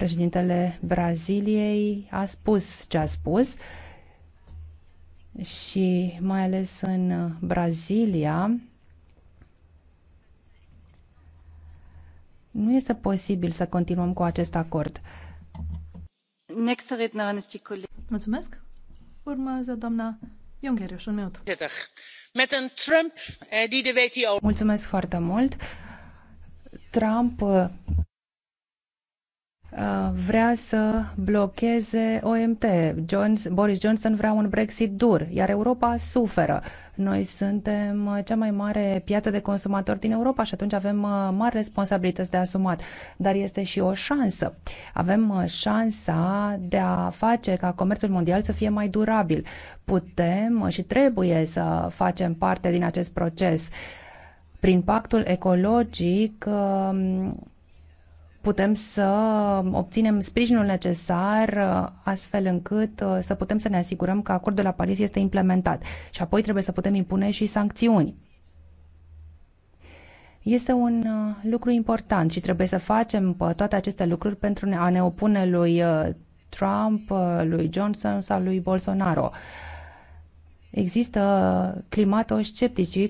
Președintele Braziliei a spus ce a spus și mai ales în Brazilia nu este posibil să continuăm cu acest acord. Mulțumesc. Urmează doamna Juncker, un minut. Eh, Mulțumesc foarte mult. Trump Uh, vrea să blocheze OMT. Jones, Boris Johnson vrea un Brexit dur, iar Europa suferă. Noi suntem uh, cea mai mare piață de consumatori din Europa și atunci avem uh, mari responsabilități de asumat, dar este și o șansă. Avem șansa de a face ca comerțul mondial să fie mai durabil. Putem și trebuie să facem parte din acest proces. Prin pactul ecologic um, putem să obținem sprijinul necesar uh, astfel încât uh, să putem să ne asigurăm că acordul la Paris este implementat și apoi trebuie să putem impune și sancțiuni. Este un uh, lucru important și trebuie să facem toate aceste lucruri pentru a ne opune lui Trump, lui Johnson sau lui Bolsonaro. Există climato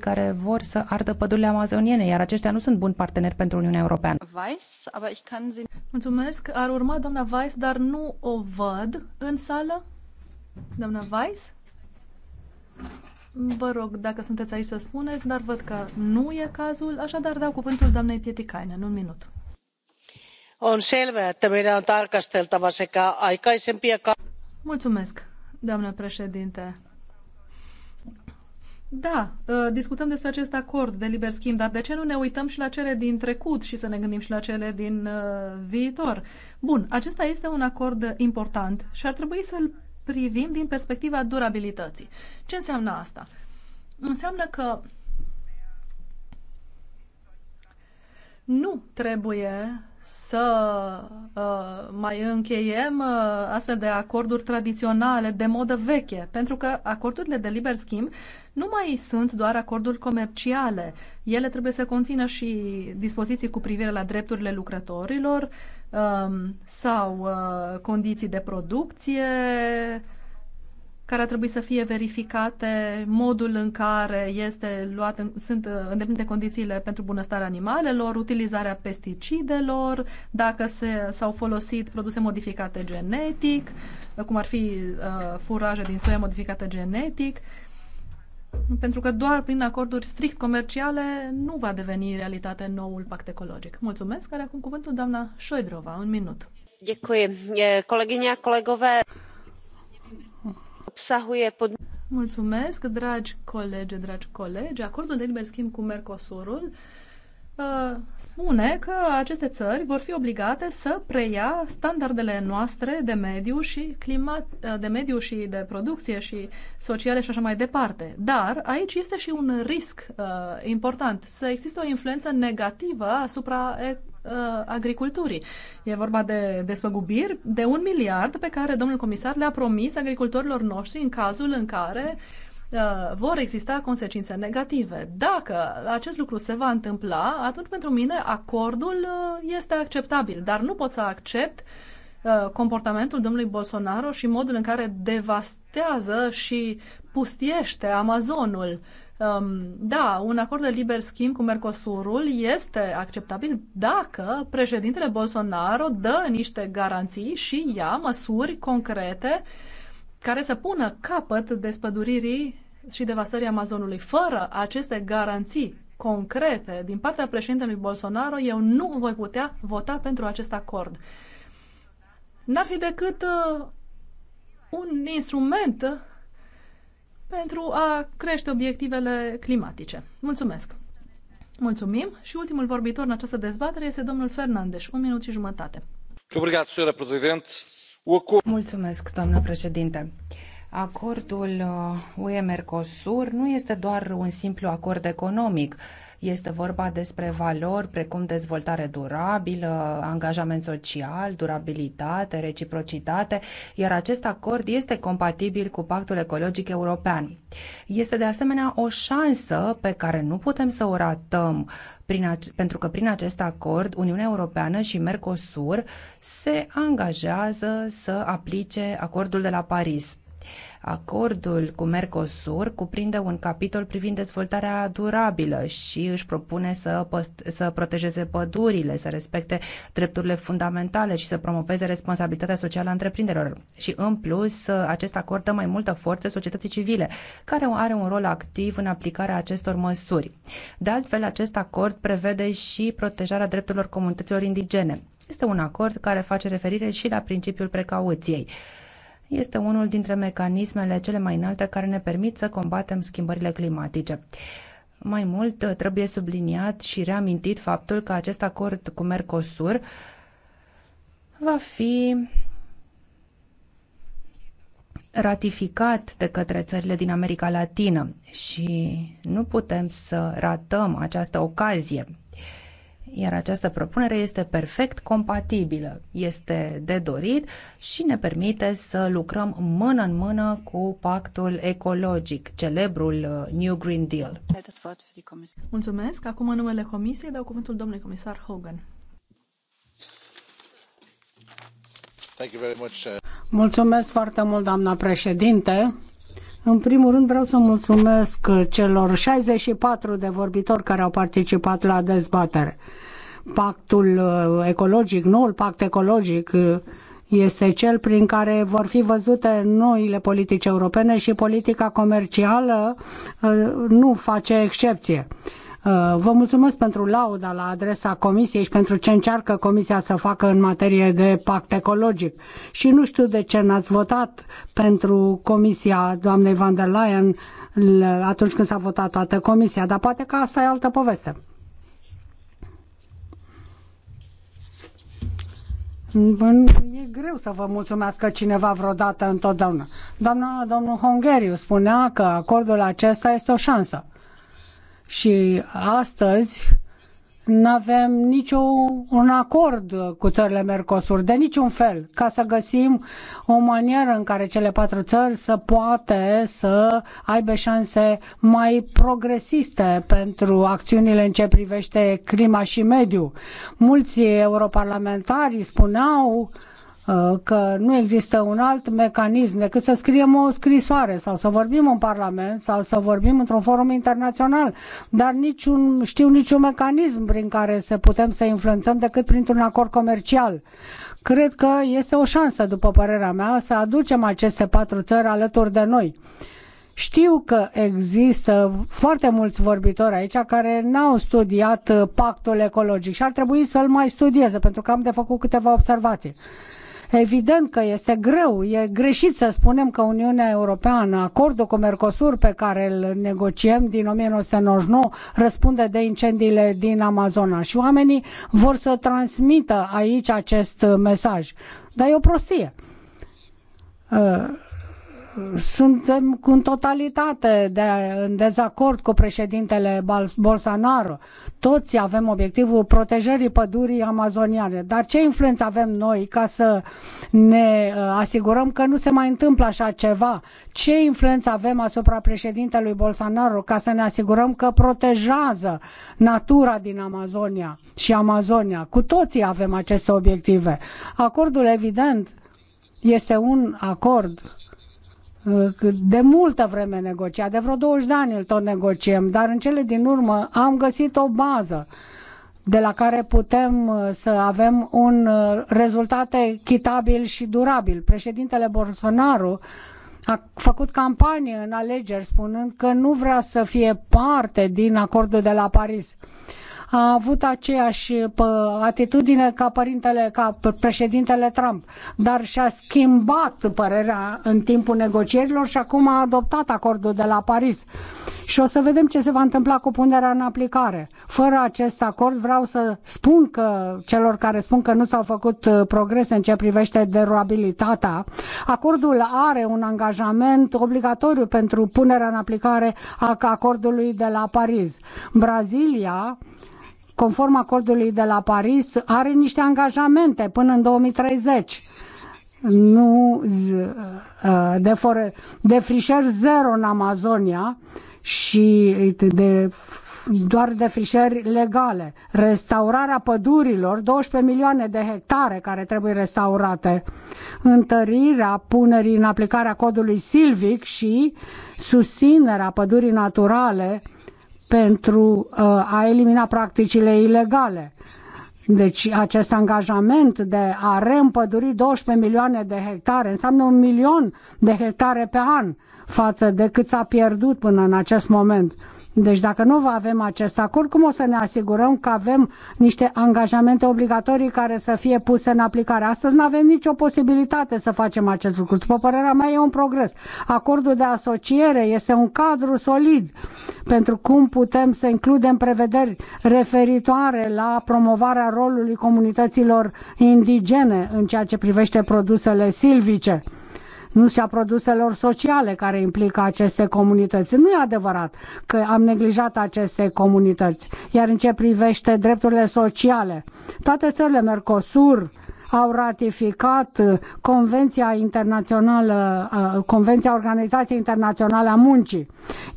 care vor să ardă pădurile amazoniene, iar aceștia nu sunt buni parteneri pentru Uniunea Europeană. Weiss, aber ich kann Sie... Mulțumesc. Ar urma doamna Weiss, dar nu o văd în sală. Doamna Weiss? Vă rog, dacă sunteți aici să spuneți, dar văd că nu e cazul, așadar dau cuvântul doamnei Pietikainen, un minut. On selvä, että meidän on tarkasteltava sekä aikaisempia... Mulțumesc, doamnă președinte da, ă, discutăm despre acest acord de liber schimb, dar de ce nu ne uităm și la cele din trecut și să ne gândim și la cele din ă, viitor? Bun, acesta este un acord important și ar trebui să-l privim din perspectiva durabilității. Ce înseamnă asta? Înseamnă că nu trebuie să uh, mai încheiem uh, astfel de acorduri tradiționale de modă veche, pentru că acordurile de liber schimb nu mai sunt doar acorduri comerciale. Ele trebuie să conțină și dispoziții cu privire la drepturile lucrătorilor uh, sau uh, condiții de producție, care ar trebui să fie verificate, modul în care este luat, sunt uh, îndeplinite condițiile pentru bunăstarea animalelor, utilizarea pesticidelor, dacă s-au folosit produse modificate genetic, uh, cum ar fi uh, furaje din soia modificată genetic, pentru că doar prin acorduri strict comerciale nu va deveni realitate noul pact ecologic. Mulțumesc, care acum cuvântul doamna Șoidrova, un minut. Děkuji. Kolegyně a kolegové, obsahuje pod... Mulțumesc, dragi colegi, dragi colegi. Acordul de liber schimb cu Mercosurul uh, spune că aceste țări vor fi obligate să preia standardele noastre de mediu și climat, uh, de mediu și de producție și sociale și așa mai departe. Dar aici este și un risc uh, important, să există o influență negativă asupra uh, agriculturii. E vorba de despăgubiri de un miliard pe care domnul comisar le-a promis agricultorilor noștri în cazul în care uh, vor exista consecințe negative. Dacă acest lucru se va întâmpla, atunci pentru mine acordul uh, este acceptabil, dar nu pot să accept uh, comportamentul domnului Bolsonaro și modul în care devastează și pustiește Amazonul Um, da, un acord de liber schimb cu Mercosurul este acceptabil dacă președintele Bolsonaro dă niște garanții și ia măsuri concrete care să pună capăt despăduririi și devastării Amazonului. Fără aceste garanții concrete din partea președintelui Bolsonaro, eu nu voi putea vota pentru acest acord. N-ar fi decât uh, un instrument pentru a crește obiectivele climatice. Mulțumesc! Mulțumim și ultimul vorbitor în această dezbatere este domnul Fernandes, un minut și jumătate. Mulțumesc, doamnă președinte. Acordul uh, UE-Mercosur nu este doar un simplu acord economic este vorba despre valori precum dezvoltare durabilă, angajament social, durabilitate, reciprocitate, iar acest acord este compatibil cu Pactul Ecologic European. Este de asemenea o șansă pe care nu putem să o ratăm prin pentru că prin acest acord Uniunea Europeană și Mercosur se angajează să aplice acordul de la Paris. Acordul cu Mercosur cuprinde un capitol privind dezvoltarea durabilă și își propune să, să protejeze pădurile, să respecte drepturile fundamentale și să promoveze responsabilitatea socială a întreprinderilor. Și în plus, acest acord dă mai multă forță societății civile, care are un rol activ în aplicarea acestor măsuri. De altfel, acest acord prevede și protejarea drepturilor comunităților indigene. Este un acord care face referire și la principiul precauției este unul dintre mecanismele cele mai înalte care ne permit să combatem schimbările climatice. Mai mult, trebuie subliniat și reamintit faptul că acest acord cu Mercosur va fi ratificat de către țările din America Latină și nu putem să ratăm această ocazie iar această propunere este perfect compatibilă, este de dorit și ne permite să lucrăm mână în mână cu pactul ecologic, celebrul uh, New Green Deal. Mulțumesc. Acum în numele Comisiei dau cuvântul domnului comisar Hogan. Uh, Mulțumesc foarte mult, doamna președinte. În primul rând vreau să mulțumesc celor 64 de vorbitori care au participat la dezbatere. Pactul uh, ecologic, noul pact ecologic, uh, este cel prin care vor fi văzute noile politici europene și politica comercială uh, nu face excepție. Uh, vă mulțumesc pentru lauda la adresa Comisiei și pentru ce încearcă Comisia să facă în materie de pact ecologic. Și nu știu de ce n-ați votat pentru Comisia doamnei van der Leyen atunci când s-a votat toată Comisia, dar poate că asta e altă poveste. E greu să vă mulțumească cineva vreodată întotdeauna. Doamna, domnul Hongeriu spunea că acordul acesta este o șansă. Și astăzi nu avem niciun acord cu țările Mercosur, de niciun fel, ca să găsim o manieră în care cele patru țări să poate să aibă șanse mai progresiste pentru acțiunile în ce privește clima și mediu. Mulți europarlamentari spuneau Uh, că nu există un alt mecanism decât să scriem o scrisoare sau să vorbim în Parlament sau să vorbim într-un forum internațional, dar niciun, știu niciun mecanism prin care să putem să influențăm decât printr-un acord comercial. Cred că este o șansă, după părerea mea, să aducem aceste patru țări alături de noi. Știu că există foarte mulți vorbitori aici care n-au studiat pactul ecologic și ar trebui să-l mai studieze, pentru că am de făcut câteva observații. Evident că este greu, e greșit să spunem că Uniunea Europeană, acordul cu Mercosur pe care îl negociem din 1999, răspunde de incendiile din Amazona și oamenii vor să transmită aici acest mesaj. Dar e o prostie. Uh suntem în totalitate de, în dezacord cu președintele Bolsonaro. Toți avem obiectivul protejării pădurii amazoniane. Dar ce influență avem noi ca să ne uh, asigurăm că nu se mai întâmplă așa ceva? Ce influență avem asupra președintelui Bolsonaro ca să ne asigurăm că protejează natura din Amazonia și Amazonia? Cu toții avem aceste obiective. Acordul, evident, este un acord de multă vreme negocia. de vreo 20 de ani îl tot negociem, dar în cele din urmă am găsit o bază de la care putem uh, să avem un uh, rezultat echitabil și durabil. Președintele Bolsonaro a făcut campanie în alegeri spunând că nu vrea să fie parte din acordul de la Paris a avut aceeași atitudine ca părintele, ca președintele Trump, dar și-a schimbat părerea în timpul negocierilor și acum a adoptat acordul de la Paris. Și o să vedem ce se va întâmpla cu punerea în aplicare. Fără acest acord vreau să spun că celor care spun că nu s-au făcut uh, progrese în ce privește derulabilitatea, acordul are un angajament obligatoriu pentru punerea în aplicare a acordului de la Paris. Brazilia conform acordului de la Paris, are niște angajamente până în 2030 nu uh, de, for de frișer zero în Amazonia și de, doar de frișeri legale. Restaurarea pădurilor, 12 milioane de hectare care trebuie restaurate, întărirea punerii în aplicarea codului silvic și susținerea pădurii naturale, pentru uh, a elimina practicile ilegale. Deci acest angajament de a reîmpăduri 12 milioane de hectare înseamnă un milion de hectare pe an față de cât s-a pierdut până în acest moment. Deci dacă nu va avem acest acord, cum o să ne asigurăm că avem niște angajamente obligatorii care să fie puse în aplicare? Astăzi nu avem nicio posibilitate să facem acest lucru. După părerea mea, e un progres. Acordul de asociere este un cadru solid pentru cum putem să includem prevederi referitoare la promovarea rolului comunităților indigene în ceea ce privește produsele silvice nu și a produselor sociale care implică aceste comunități. Nu e adevărat că am neglijat aceste comunități. Iar în ce privește drepturile sociale, toate țările Mercosur au ratificat uh, Convenția Internațională, uh, Convenția Organizației Internaționale a Muncii.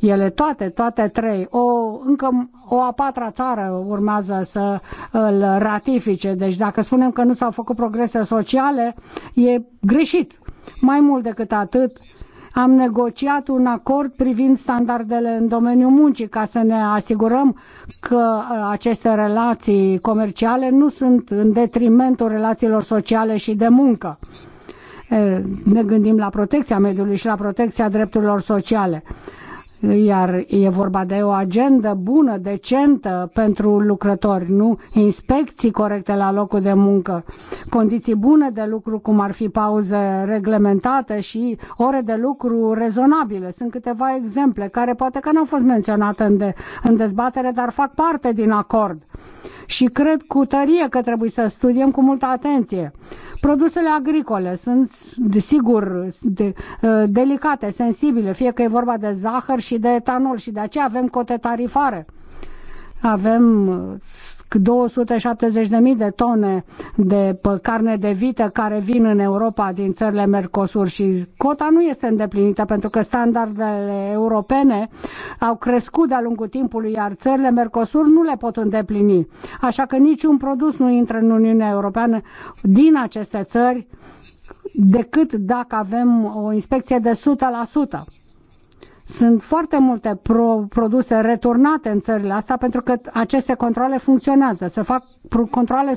Ele toate, toate trei. O, încă o a patra țară urmează să îl ratifice. Deci dacă spunem că nu s-au făcut progrese sociale, e greșit. Mai mult decât atât, am negociat un acord privind standardele în domeniul muncii ca să ne asigurăm că uh, aceste relații comerciale nu sunt în detrimentul relațiilor sociale și de muncă. Uh, ne gândim la protecția mediului și la protecția drepturilor sociale iar e vorba de o agendă bună, decentă pentru lucrători, nu inspecții corecte la locul de muncă, condiții bune de lucru, cum ar fi pauză reglementată și ore de lucru rezonabile. Sunt câteva exemple care poate că nu au fost menționate în, de, în dezbatere, dar fac parte din acord și cred cu tărie că trebuie să studiem cu multă atenție. Produsele agricole sunt, sigur, de, uh, delicate, sensibile, fie că e vorba de zahăr și de etanol și de aceea avem cote tarifare. Avem 270.000 uh, de tone de carne de vită care vin în Europa din țările Mercosur și cota nu este îndeplinită pentru că standardele europene au crescut de-a lungul timpului, iar țările Mercosur nu le pot îndeplini. Așa că niciun produs nu intră în Uniunea Europeană din aceste țări decât dacă avem o inspecție de 100%. Sunt foarte multe pro- produse returnate în țările astea pentru că aceste controle funcționează. Se fac controle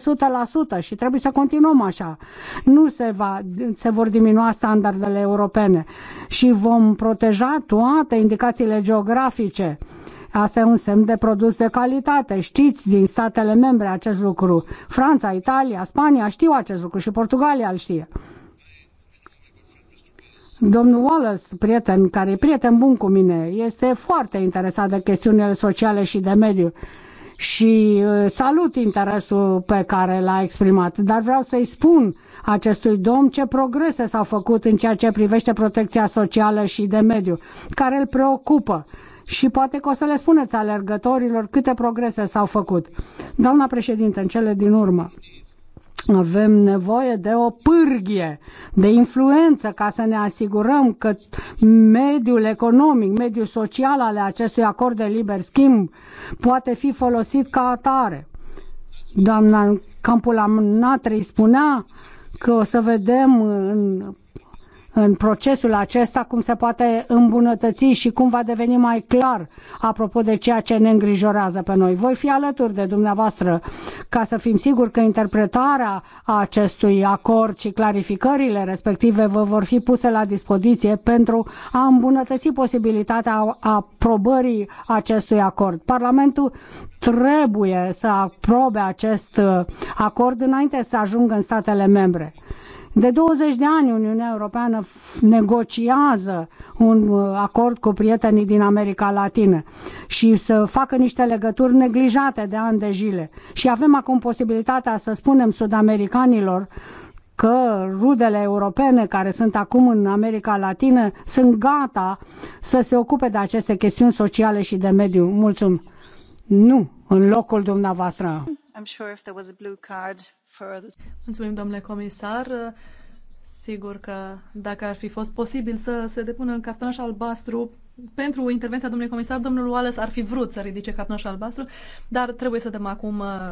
100% și trebuie să continuăm așa. Nu se, va, se vor diminua standardele europene și vom proteja toate indicațiile geografice. Asta e un semn de produs de calitate. Știți din statele membre acest lucru. Franța, Italia, Spania știu acest lucru și Portugalia îl știe. Domnul Wallace, prieten, care e prieten bun cu mine, este foarte interesat de chestiunile sociale și de mediu și uh, salut interesul pe care l-a exprimat, dar vreau să-i spun acestui domn ce progrese s-au făcut în ceea ce privește protecția socială și de mediu, care îl preocupă. Și poate că o să le spuneți alergătorilor câte progrese s-au făcut. Doamna președinte, în cele din urmă, avem nevoie de o pârghie, de influență ca să ne asigurăm că mediul economic, mediul social ale acestui acord de liber schimb poate fi folosit ca atare. Doamna Campula Natrei spunea că o să vedem în în procesul acesta cum se poate îmbunătăți și cum va deveni mai clar apropo de ceea ce ne îngrijorează pe noi. Voi fi alături de dumneavoastră ca să fim siguri că interpretarea acestui acord și clarificările respective vă vor fi puse la dispoziție pentru a îmbunătăți posibilitatea aprobării acestui acord. Parlamentul trebuie să aprobe acest acord înainte să ajungă în statele membre de 20 de ani Uniunea Europeană negociază un uh, acord cu prietenii din America Latină și să facă niște legături neglijate de ani de zile. Și avem acum posibilitatea să spunem sudamericanilor că rudele europene care sunt acum în America Latină sunt gata să se ocupe de aceste chestiuni sociale și de mediu. Mulțumim. Nu, în locul dumneavoastră. I'm sure if there was a blue card, Mulțumim, domnule comisar. Sigur că dacă ar fi fost posibil să se depună în cartonaș albastru pentru intervenția domnului comisar, domnul Wallace ar fi vrut să ridice cartonașul albastru, dar trebuie să dăm acum uh,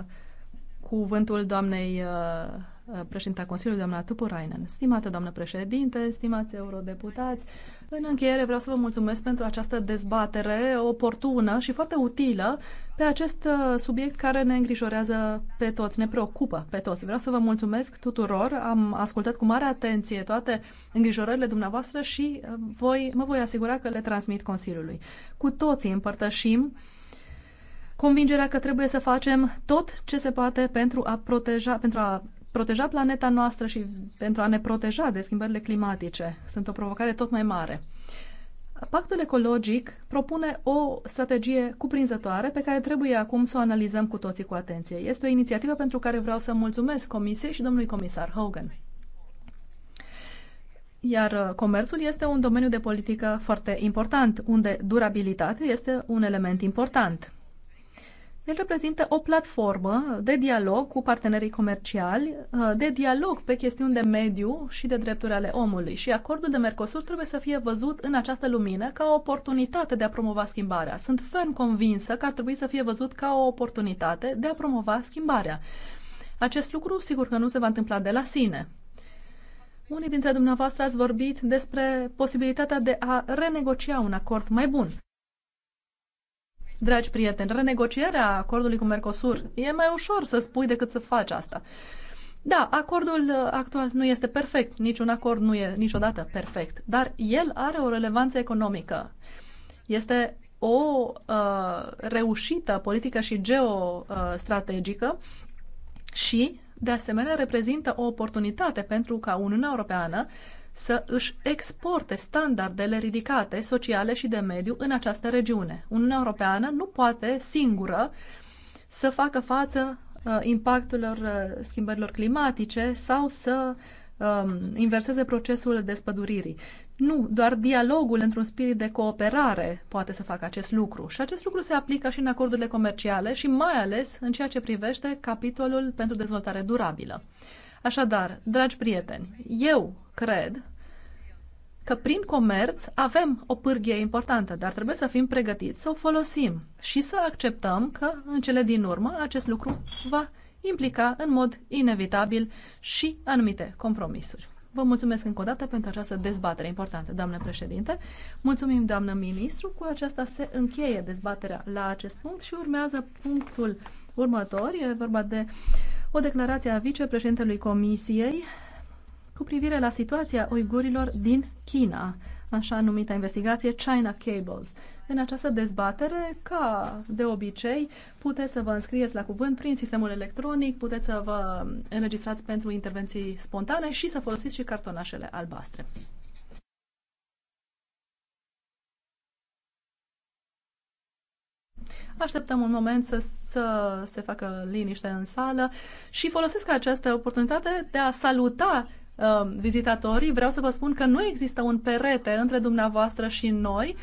cuvântul doamnei uh, Uh, președinta Consiliului, doamna Tupurainen. Stimată doamnă președinte, stimați eurodeputați, în încheiere vreau să vă mulțumesc pentru această dezbatere oportună și foarte utilă pe acest uh, subiect care ne îngrijorează pe toți, ne preocupă pe toți. Vreau să vă mulțumesc tuturor, am ascultat cu mare atenție toate îngrijorările dumneavoastră și uh, voi, mă voi asigura că le transmit Consiliului. Cu toții împărtășim convingerea că trebuie să facem tot ce se poate pentru a proteja, pentru a proteja planeta noastră și pentru a ne proteja de schimbările climatice sunt o provocare tot mai mare. Pactul ecologic propune o strategie cuprinzătoare pe care trebuie acum să o analizăm cu toții cu atenție. Este o inițiativă pentru care vreau să mulțumesc Comisiei și domnului comisar Hogan. Iar uh, comerțul este un domeniu de politică foarte important, unde durabilitatea este un element important. El reprezintă o platformă de dialog cu partenerii comerciali, uh, de dialog pe chestiuni de mediu și de drepturi ale omului. Și acordul de Mercosur trebuie să fie văzut în această lumină ca o oportunitate de a promova schimbarea. Sunt ferm convinsă că ar trebui să fie văzut ca o oportunitate de a promova schimbarea. Acest lucru, sigur că nu se va întâmpla de la sine. Unii dintre dumneavoastră ați vorbit despre posibilitatea de a renegocia un acord mai bun. Dragi prieteni, renegocierea acordului cu Mercosur e mai ușor să spui decât să faci asta. Da, acordul uh, actual nu este perfect, niciun acord nu e niciodată perfect, dar el are o relevanță economică. Este o uh, reușită politică și geostrategică și, de asemenea, reprezintă o oportunitate pentru ca Uniunea Europeană să își exporte standardele ridicate sociale și de mediu în această regiune. Uniunea Europeană nu poate singură să facă față uh, impactelor uh, schimbărilor climatice sau să um, inverseze procesul despăduririi. Nu, doar dialogul într-un spirit de cooperare poate să facă acest lucru. Și acest lucru se aplică și în acordurile comerciale și mai ales în ceea ce privește capitolul pentru dezvoltare durabilă. Așadar, dragi prieteni, eu cred că prin comerț avem o pârghie importantă, dar trebuie să fim pregătiți să o folosim și să acceptăm că în cele din urmă acest lucru va implica în mod inevitabil și anumite compromisuri. Vă mulțumesc încă o dată pentru această dezbatere importantă, doamnă președinte. Mulțumim, doamnă ministru. Cu aceasta se încheie dezbaterea la acest punct și urmează punctul următor. E vorba de uh, o declarație a vicepreședintelui Comisiei cu privire la situația uigurilor din China, așa numită investigație China Cables. În această dezbatere, ca de obicei, puteți să vă înscrieți la cuvânt prin sistemul electronic, puteți să vă înregistrați pentru intervenții spontane și să folosiți și cartonașele albastre. Așteptăm un moment să, să se facă liniște în sală și folosesc această oportunitate de a saluta uh, vizitatorii. Vreau să vă spun că nu există un perete între dumneavoastră și noi.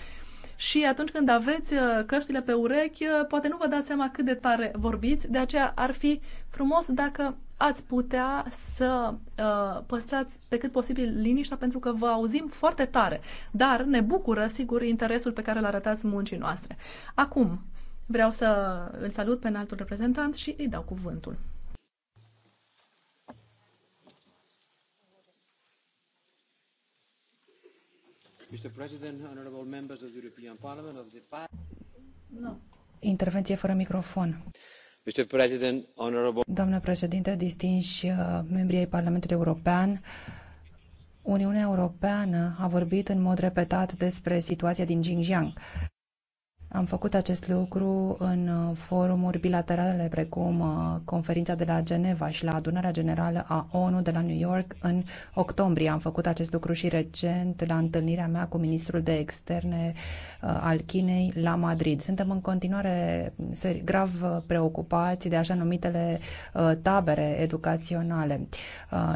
Și atunci când aveți uh, căștile pe urechi, uh, poate nu vă dați seama cât de tare vorbiți, de aceea ar fi frumos dacă ați putea să uh, păstrați pe cât posibil liniștea pentru că vă auzim foarte tare, dar ne bucură, sigur, interesul pe care îl arătați muncii noastre. Acum, Vreau să îl salut pe înaltul reprezentant și îi dau cuvântul. No. Intervenție fără microfon. Honorable... Doamnă președinte, distinși uh, membrii ai Parlamentului European, Uniunea Europeană a vorbit în mod repetat despre situația din Xinjiang. Am făcut acest lucru în uh, forumuri bilaterale precum uh, conferința de la Geneva și la adunarea generală a ONU de la New York în octombrie. Am făcut acest lucru și recent la întâlnirea mea cu ministrul de externe uh, al Chinei la Madrid. Suntem în continuare grav preocupați de așa numitele tabere educaționale.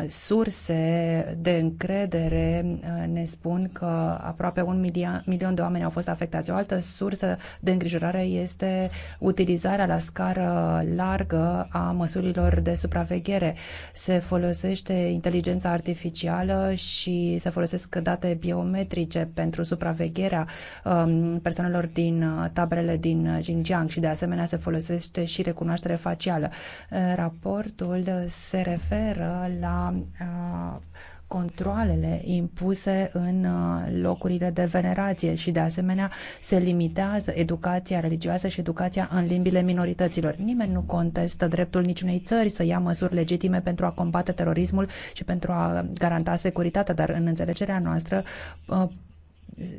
Surse de încredere ne spun că aproape un milion de oameni au fost afectați. O altă sursă de îngrijorare este utilizarea la scară largă a măsurilor de supraveghere. Se folosește inteligența artificială și se folosesc date biometrice pentru supravegherea um, persoanelor din uh, taberele din Xinjiang și de asemenea se folosește și recunoaștere facială. Uh, raportul se referă la uh, controlele impuse în uh, locurile de venerație și de asemenea se limitează educația religioasă și educația în limbile minorităților. Nimeni nu contestă dreptul niciunei țări să ia măsuri legitime pentru a combate terorismul și pentru a garanta securitatea, dar în înțelegerea noastră uh,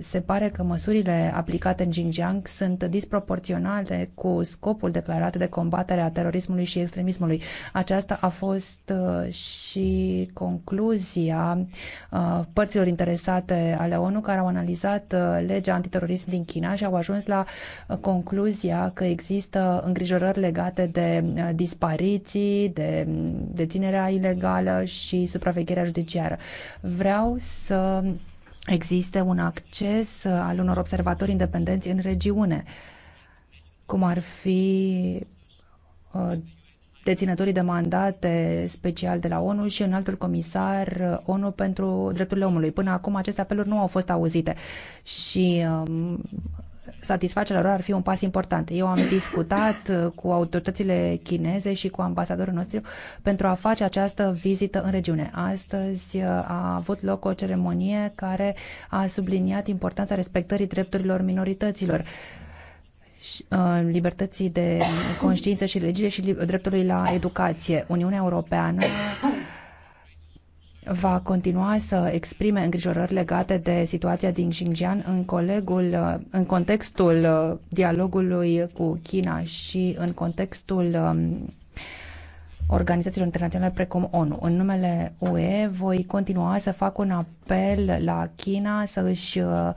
se pare că măsurile aplicate în Xinjiang sunt disproporționale cu scopul declarat de combatere a terorismului și extremismului. Aceasta a fost uh, și concluzia uh, părților interesate ale ONU care au analizat uh, legea antiterorism din China și au ajuns la concluzia că există îngrijorări legate de dispariții, de mm, deținerea ilegală și supravegherea judiciară. Vreau să existe un acces uh, al unor observatori independenți în regiune, cum ar fi uh, deținătorii de mandate special de la ONU și altul comisar uh, ONU pentru drepturile omului. Până acum aceste apeluri nu au fost auzite și um, satisfacerea lor ar fi un pas important. Eu am discutat uh, cu autoritățile chineze și cu ambasadorul nostru pentru a face această vizită în regiune. Astăzi uh, a avut loc o ceremonie care a subliniat importanța respectării drepturilor minorităților uh, libertății de conștiință și religie și dreptului la educație. Uniunea Europeană va continua să exprime îngrijorări legate de situația din Xinjiang în, colegul, în contextul uh, dialogului cu China și în contextul um, organizațiilor internaționale precum ONU. În numele UE voi continua să fac un apel la China să își uh,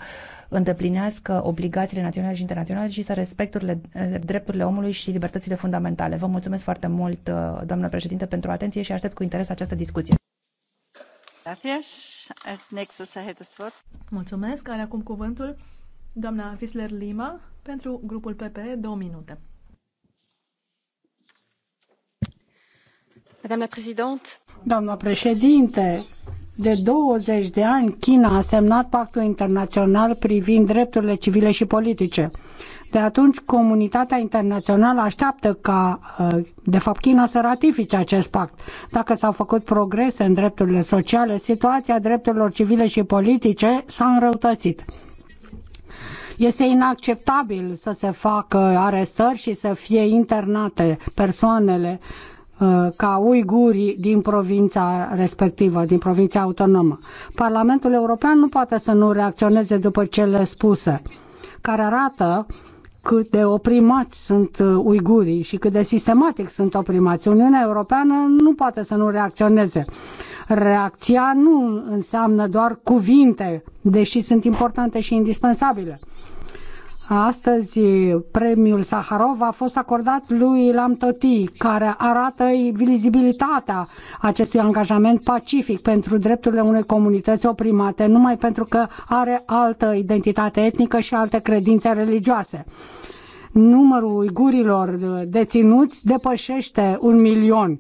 îndeplinească obligațiile naționale și internaționale și să respecte uh, drepturile omului și libertățile fundamentale. Vă mulțumesc foarte mult, doamnă președinte, pentru atenție și aștept cu interes această discuție. Mulțumesc. Are acum cuvântul doamna Fisler Lima pentru grupul PPE, două minute. Doamna președinte, de 20 de ani, China a semnat pactul internațional privind drepturile civile și politice. De atunci, comunitatea internațională așteaptă ca, ă, de fapt, China să ratifice acest pact. Dacă s-au făcut progrese în drepturile sociale, situația drepturilor civile și politice s-a înrăutățit. Este inacceptabil să se facă arestări și să fie internate persoanele ă, ca uigurii din provincia respectivă, din provincia autonomă. Parlamentul European nu poate să nu reacționeze după cele spuse, care arată cât de oprimați sunt uh, uigurii și cât de sistematic sunt oprimați. Uniunea Europeană nu poate să nu reacționeze. Reacția nu înseamnă doar cuvinte, deși sunt importante și indispensabile. Astăzi premiul Saharov a fost acordat lui Ilham Toti, care arată vizibilitatea acestui angajament pacific pentru drepturile unei comunități oprimate, numai pentru că are altă identitate etnică și alte credințe religioase. Numărul uigurilor deținuți depășește un milion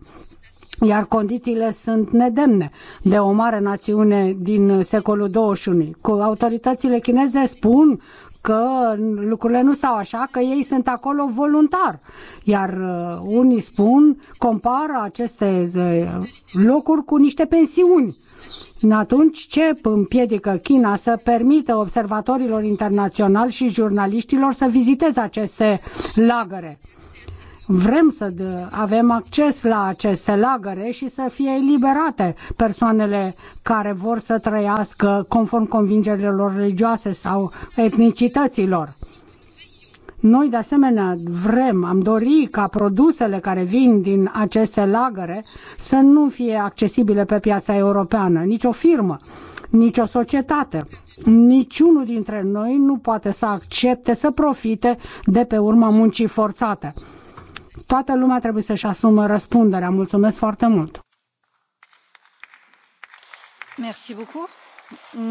iar condițiile sunt nedemne de o mare națiune din secolul 21. Cu autoritățile chineze spun că lucrurile nu stau așa, că ei sunt acolo voluntar. Iar uh, unii spun, compară aceste uh, locuri cu niște pensiuni. În Atunci ce împiedică China să permită observatorilor internaționali și jurnaliștilor să viziteze aceste lagăre? Vrem să avem acces la aceste lagăre și să fie eliberate persoanele care vor să trăiască conform convingerilor religioase sau etnicităților. Noi, de asemenea, vrem, am dori ca produsele care vin din aceste lagăre să nu fie accesibile pe piața europeană. Nicio firmă, nicio societate, niciunul dintre noi nu poate să accepte să profite de pe urma muncii forțate toată lumea trebuie să-și asumă răspunderea. Mulțumesc foarte mult! Merci beaucoup.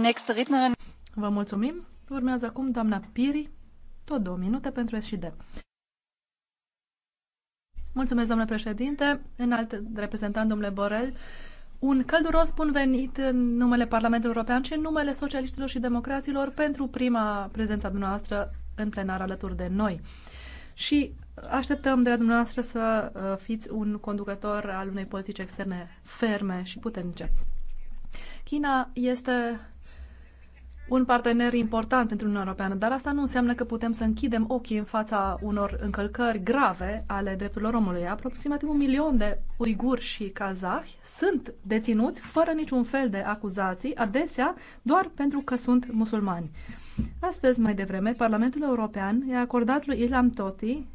Next rednerin. Vă mulțumim. Urmează acum doamna Piri, tot două minute pentru SD. Mulțumesc, domnule președinte, înalt reprezentant, domnule Borel. Un călduros bun venit în numele Parlamentului European și în numele socialiștilor și democraților pentru prima prezența noastră în plenar alături de noi. Și Așteptăm de la dumneavoastră să uh, fiți un conducător al unei politici externe ferme și puternice. China este un partener important pentru Uniunea Europeană, dar asta nu înseamnă că putem să închidem ochii în fața unor încălcări grave ale drepturilor omului. Aproximativ un milion de uiguri și kazahi sunt deținuți fără niciun fel de acuzații, adesea doar pentru că sunt musulmani. Astăzi, mai devreme, Parlamentul European i-a acordat lui Ilham Toti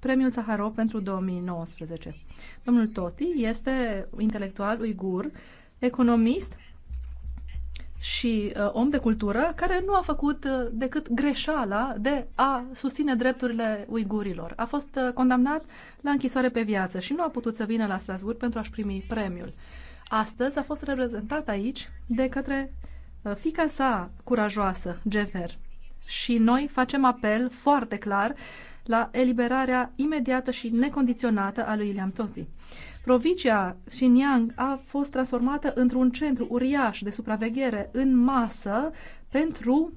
premiul Saharov pentru 2019. Domnul Toti este intelectual uigur, economist și uh, om de cultură care nu a făcut uh, decât greșeala de a susține drepturile uigurilor. A fost uh, condamnat la închisoare pe viață și nu a putut să vină la Strasburg pentru a-și primi premiul. Astăzi a fost reprezentat aici de către uh, fica sa curajoasă, Jever. Și noi facem apel foarte clar uh, la eliberarea imediată și necondiționată a lui Iliam Toti. Provincia Xinjiang a fost transformată într-un centru uriaș de supraveghere în masă pentru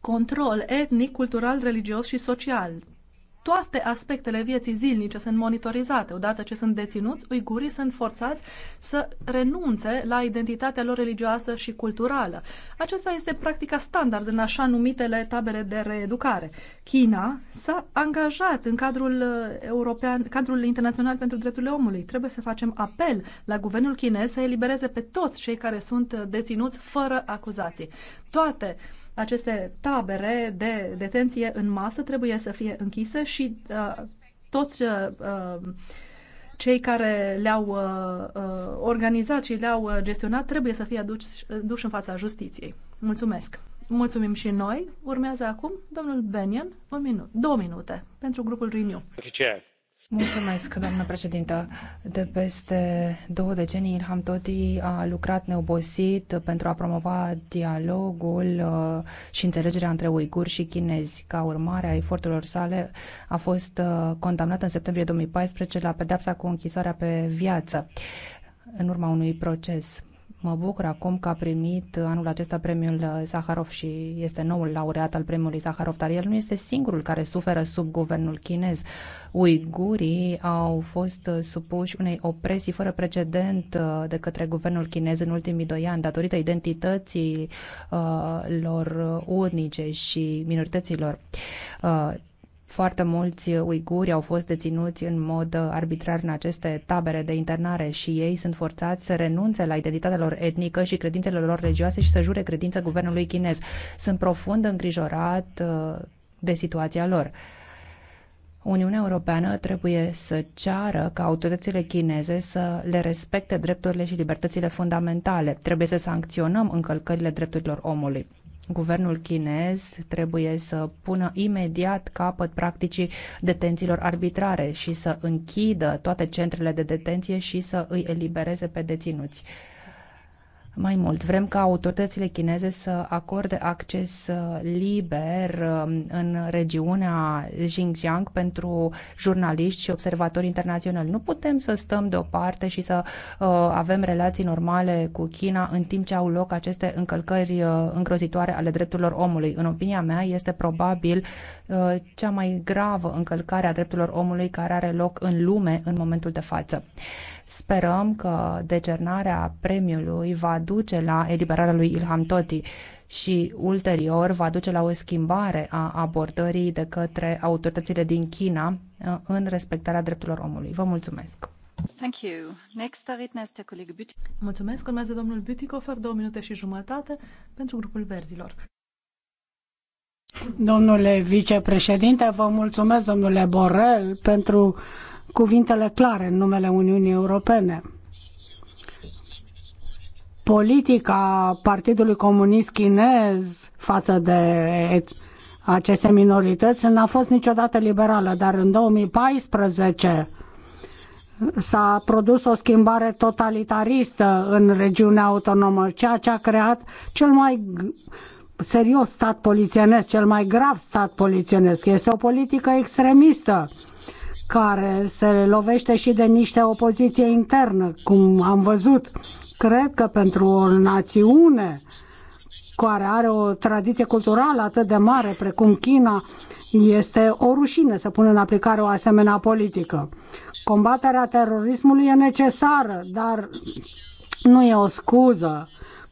control etnic, cultural, religios și social toate aspectele vieții zilnice sunt monitorizate. Odată ce sunt deținuți, uigurii sunt forțați să renunțe la identitatea lor religioasă și culturală. Aceasta este practica standard în așa numitele tabere de reeducare. China s-a angajat în cadrul uh, european, cadrul internațional pentru drepturile omului. Trebuie să facem apel la guvernul chinez să elibereze pe toți cei care sunt uh, deținuți fără acuzații. Toate uh, aceste tabere de detenție în masă trebuie să fie închise și uh, toți uh, uh cei care le-au uh, uh organizat și le-au uh, gestionat trebuie să fie aduși, duși în fața justiției. Mulțumesc! Mulțumim și noi. Urmează acum domnul Benian, un minut, două minute pentru grupul Renew. Mulțumesc, doamnă președintă. De peste două decenii, Ilham Toti a lucrat neobosit pentru a promova dialogul uh, și înțelegerea între uiguri și chinezi. Ca urmare a eforturilor sale, a fost uh, condamnat în septembrie 2014 la pedepsa cu închisoarea pe viață în urma unui proces. Mă bucur acum că a primit anul acesta premiul Zaharov și este noul laureat al premiului Zaharov, dar el nu este singurul care suferă sub guvernul chinez. Uigurii au fost supuși unei opresii fără precedent uh, de către guvernul chinez în ultimii doi ani, datorită identității uh, lor unice uh, și minorităților. Uh, foarte mulți uiguri au fost deținuți în mod arbitrar în aceste tabere de internare și ei sunt forțați să renunțe la identitatea lor etnică și credințele lor religioase și să jure credința guvernului chinez. Sunt profund îngrijorat uh, de situația lor. Uniunea Europeană trebuie să ceară ca autoritățile chineze să le respecte drepturile și libertățile fundamentale. Trebuie să sancționăm încălcările drepturilor omului. Guvernul chinez trebuie să pună imediat capăt practicii detențiilor arbitrare și să închidă toate centrele de detenție și să îi elibereze pe deținuți. Mai mult, vrem ca autoritățile chineze să acorde acces uh, liber um, în regiunea Xinjiang pentru jurnaliști și observatori internaționali. Nu putem să stăm deoparte și să uh, avem relații normale cu China în timp ce au loc aceste încălcări uh, îngrozitoare ale drepturilor omului. În opinia mea, este probabil cea mai gravă încălcare a drepturilor omului care are loc în lume în momentul de față. Sperăm că decernarea premiului va duce la eliberarea lui Ilham Toti și ulterior va duce la o schimbare a abordării de către autoritățile din China uh, în respectarea drepturilor omului. Vă mulțumesc! Thank you. Next, este coleg Mulțumesc. Urmează domnul Bütikofer, două minute și jumătate pentru grupul verzilor. Domnule vicepreședinte, vă mulțumesc, domnule Borel, pentru cuvintele clare în numele Uniunii Europene. Politica Partidului Comunist Chinez față de aceste minorități n-a fost niciodată liberală, dar în 2014 s-a produs o schimbare totalitaristă în regiunea autonomă, ceea ce a creat cel mai serios stat polițienesc, cel mai grav stat polițienesc. Este o politică extremistă care se lovește și de niște opoziție internă, cum am văzut. Cred că pentru o națiune care are o tradiție culturală atât de mare precum China, este o rușine să pună în aplicare o asemenea politică. Combaterea terorismului e necesară, dar nu e o scuză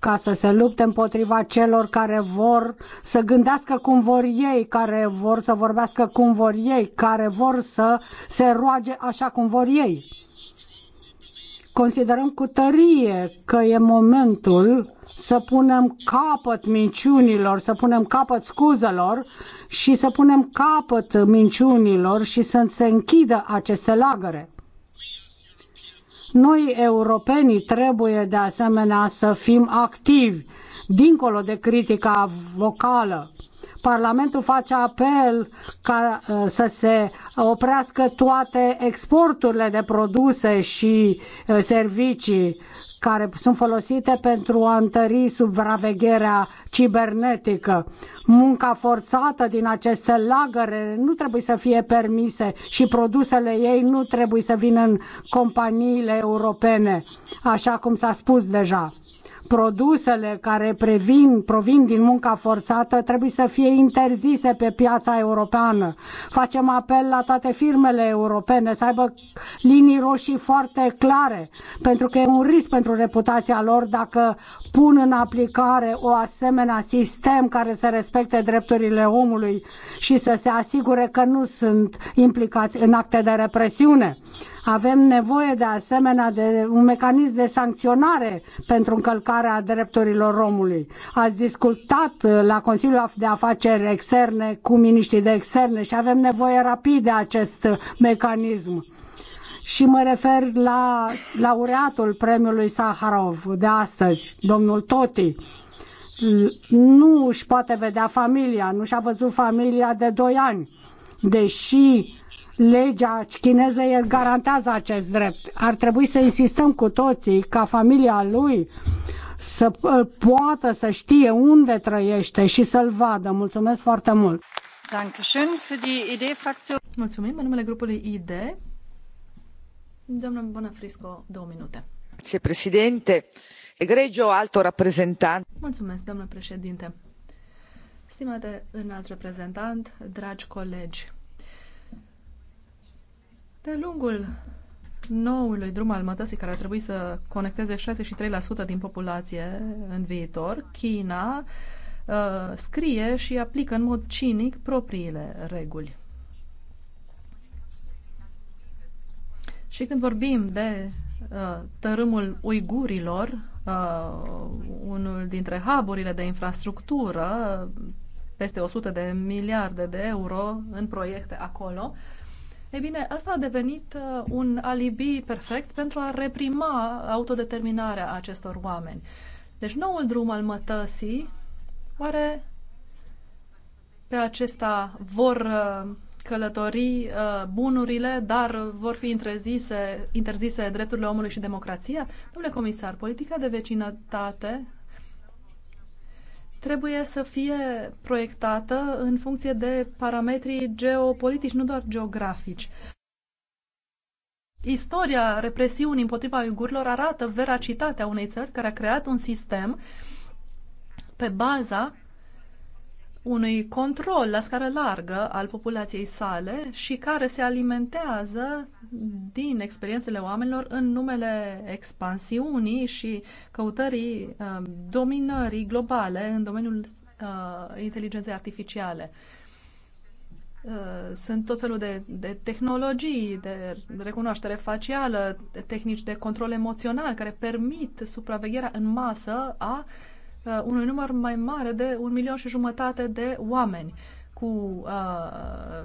ca să se lupte împotriva celor care vor să gândească cum vor ei, care vor să vorbească cum vor ei, care vor să se roage așa cum vor ei. Considerăm cu tărie că e momentul să punem capăt minciunilor, să punem capăt scuzelor și să punem capăt minciunilor și să se închidă aceste lagăre. Noi, europenii, trebuie de asemenea să fim activi, dincolo de critica vocală. Parlamentul face apel ca uh, să se oprească toate exporturile de produse și uh, servicii care sunt folosite pentru a întări supravegherea cibernetică. Munca forțată din aceste lagăre nu trebuie să fie permise și produsele ei nu trebuie să vină în companiile europene, așa cum s-a spus deja produsele care previn, provin din munca forțată trebuie să fie interzise pe piața europeană. Facem apel la toate firmele europene să aibă linii roșii foarte clare, pentru că e un risc pentru reputația lor dacă pun în aplicare o asemenea sistem care să respecte drepturile omului și să se asigure că nu sunt implicați în acte de represiune. Avem nevoie de asemenea de un mecanism de sancționare pentru încălcarea drepturilor omului. Ați discutat uh, la Consiliul de Afaceri Externe cu miniștrii de externe și avem nevoie rapid de acest uh, mecanism și mă refer la laureatul premiului Saharov de astăzi, domnul Toti. Nu își poate vedea familia, nu și-a văzut familia de doi ani, deși Legea chineză garantează acest drept. Ar trebui să insistăm cu toții ca familia lui să uh, poată să știe unde trăiește și să-l vadă. Mulțumesc foarte mult! Mulțumim. În numele grupului ID, doamna Bonafrisco, două minute. Grazie, președinte. Egregio, alto reprezentant. Mulțumesc, doamnă președinte. Stimate înalt reprezentant, dragi colegi, de lungul noului drum al mătăsii care ar trebui să conecteze 63% din populație în viitor, China uh, scrie și aplică în mod cinic propriile reguli. Și când vorbim de uh, tărâmul uigurilor, uh, unul dintre haburile de infrastructură, peste 100 de miliarde de euro în proiecte acolo, uh, ei bine, asta a devenit uh, un alibi perfect pentru a reprima autodeterminarea acestor oameni. Deci noul drum al mătăsii, oare pe acesta vor uh, călători uh, bunurile, dar vor fi interzise, interzise drepturile omului și democrația? Domnule comisar, politica de vecinătate trebuie să fie proiectată în funcție de parametrii geopolitici, nu doar geografici. Istoria represiunii împotriva uigurilor arată veracitatea unei țări care a creat un sistem pe baza unui control la scară largă al populației sale și care se alimentează din experiențele oamenilor în numele expansiunii și căutării uh, dominării globale în domeniul uh, inteligenței artificiale. Uh, sunt tot felul de, de tehnologii, de recunoaștere facială, de tehnici de control emoțional care permit supravegherea în masă a uh, uh, unui număr mai mare de un milion și jumătate de oameni. Cu uh,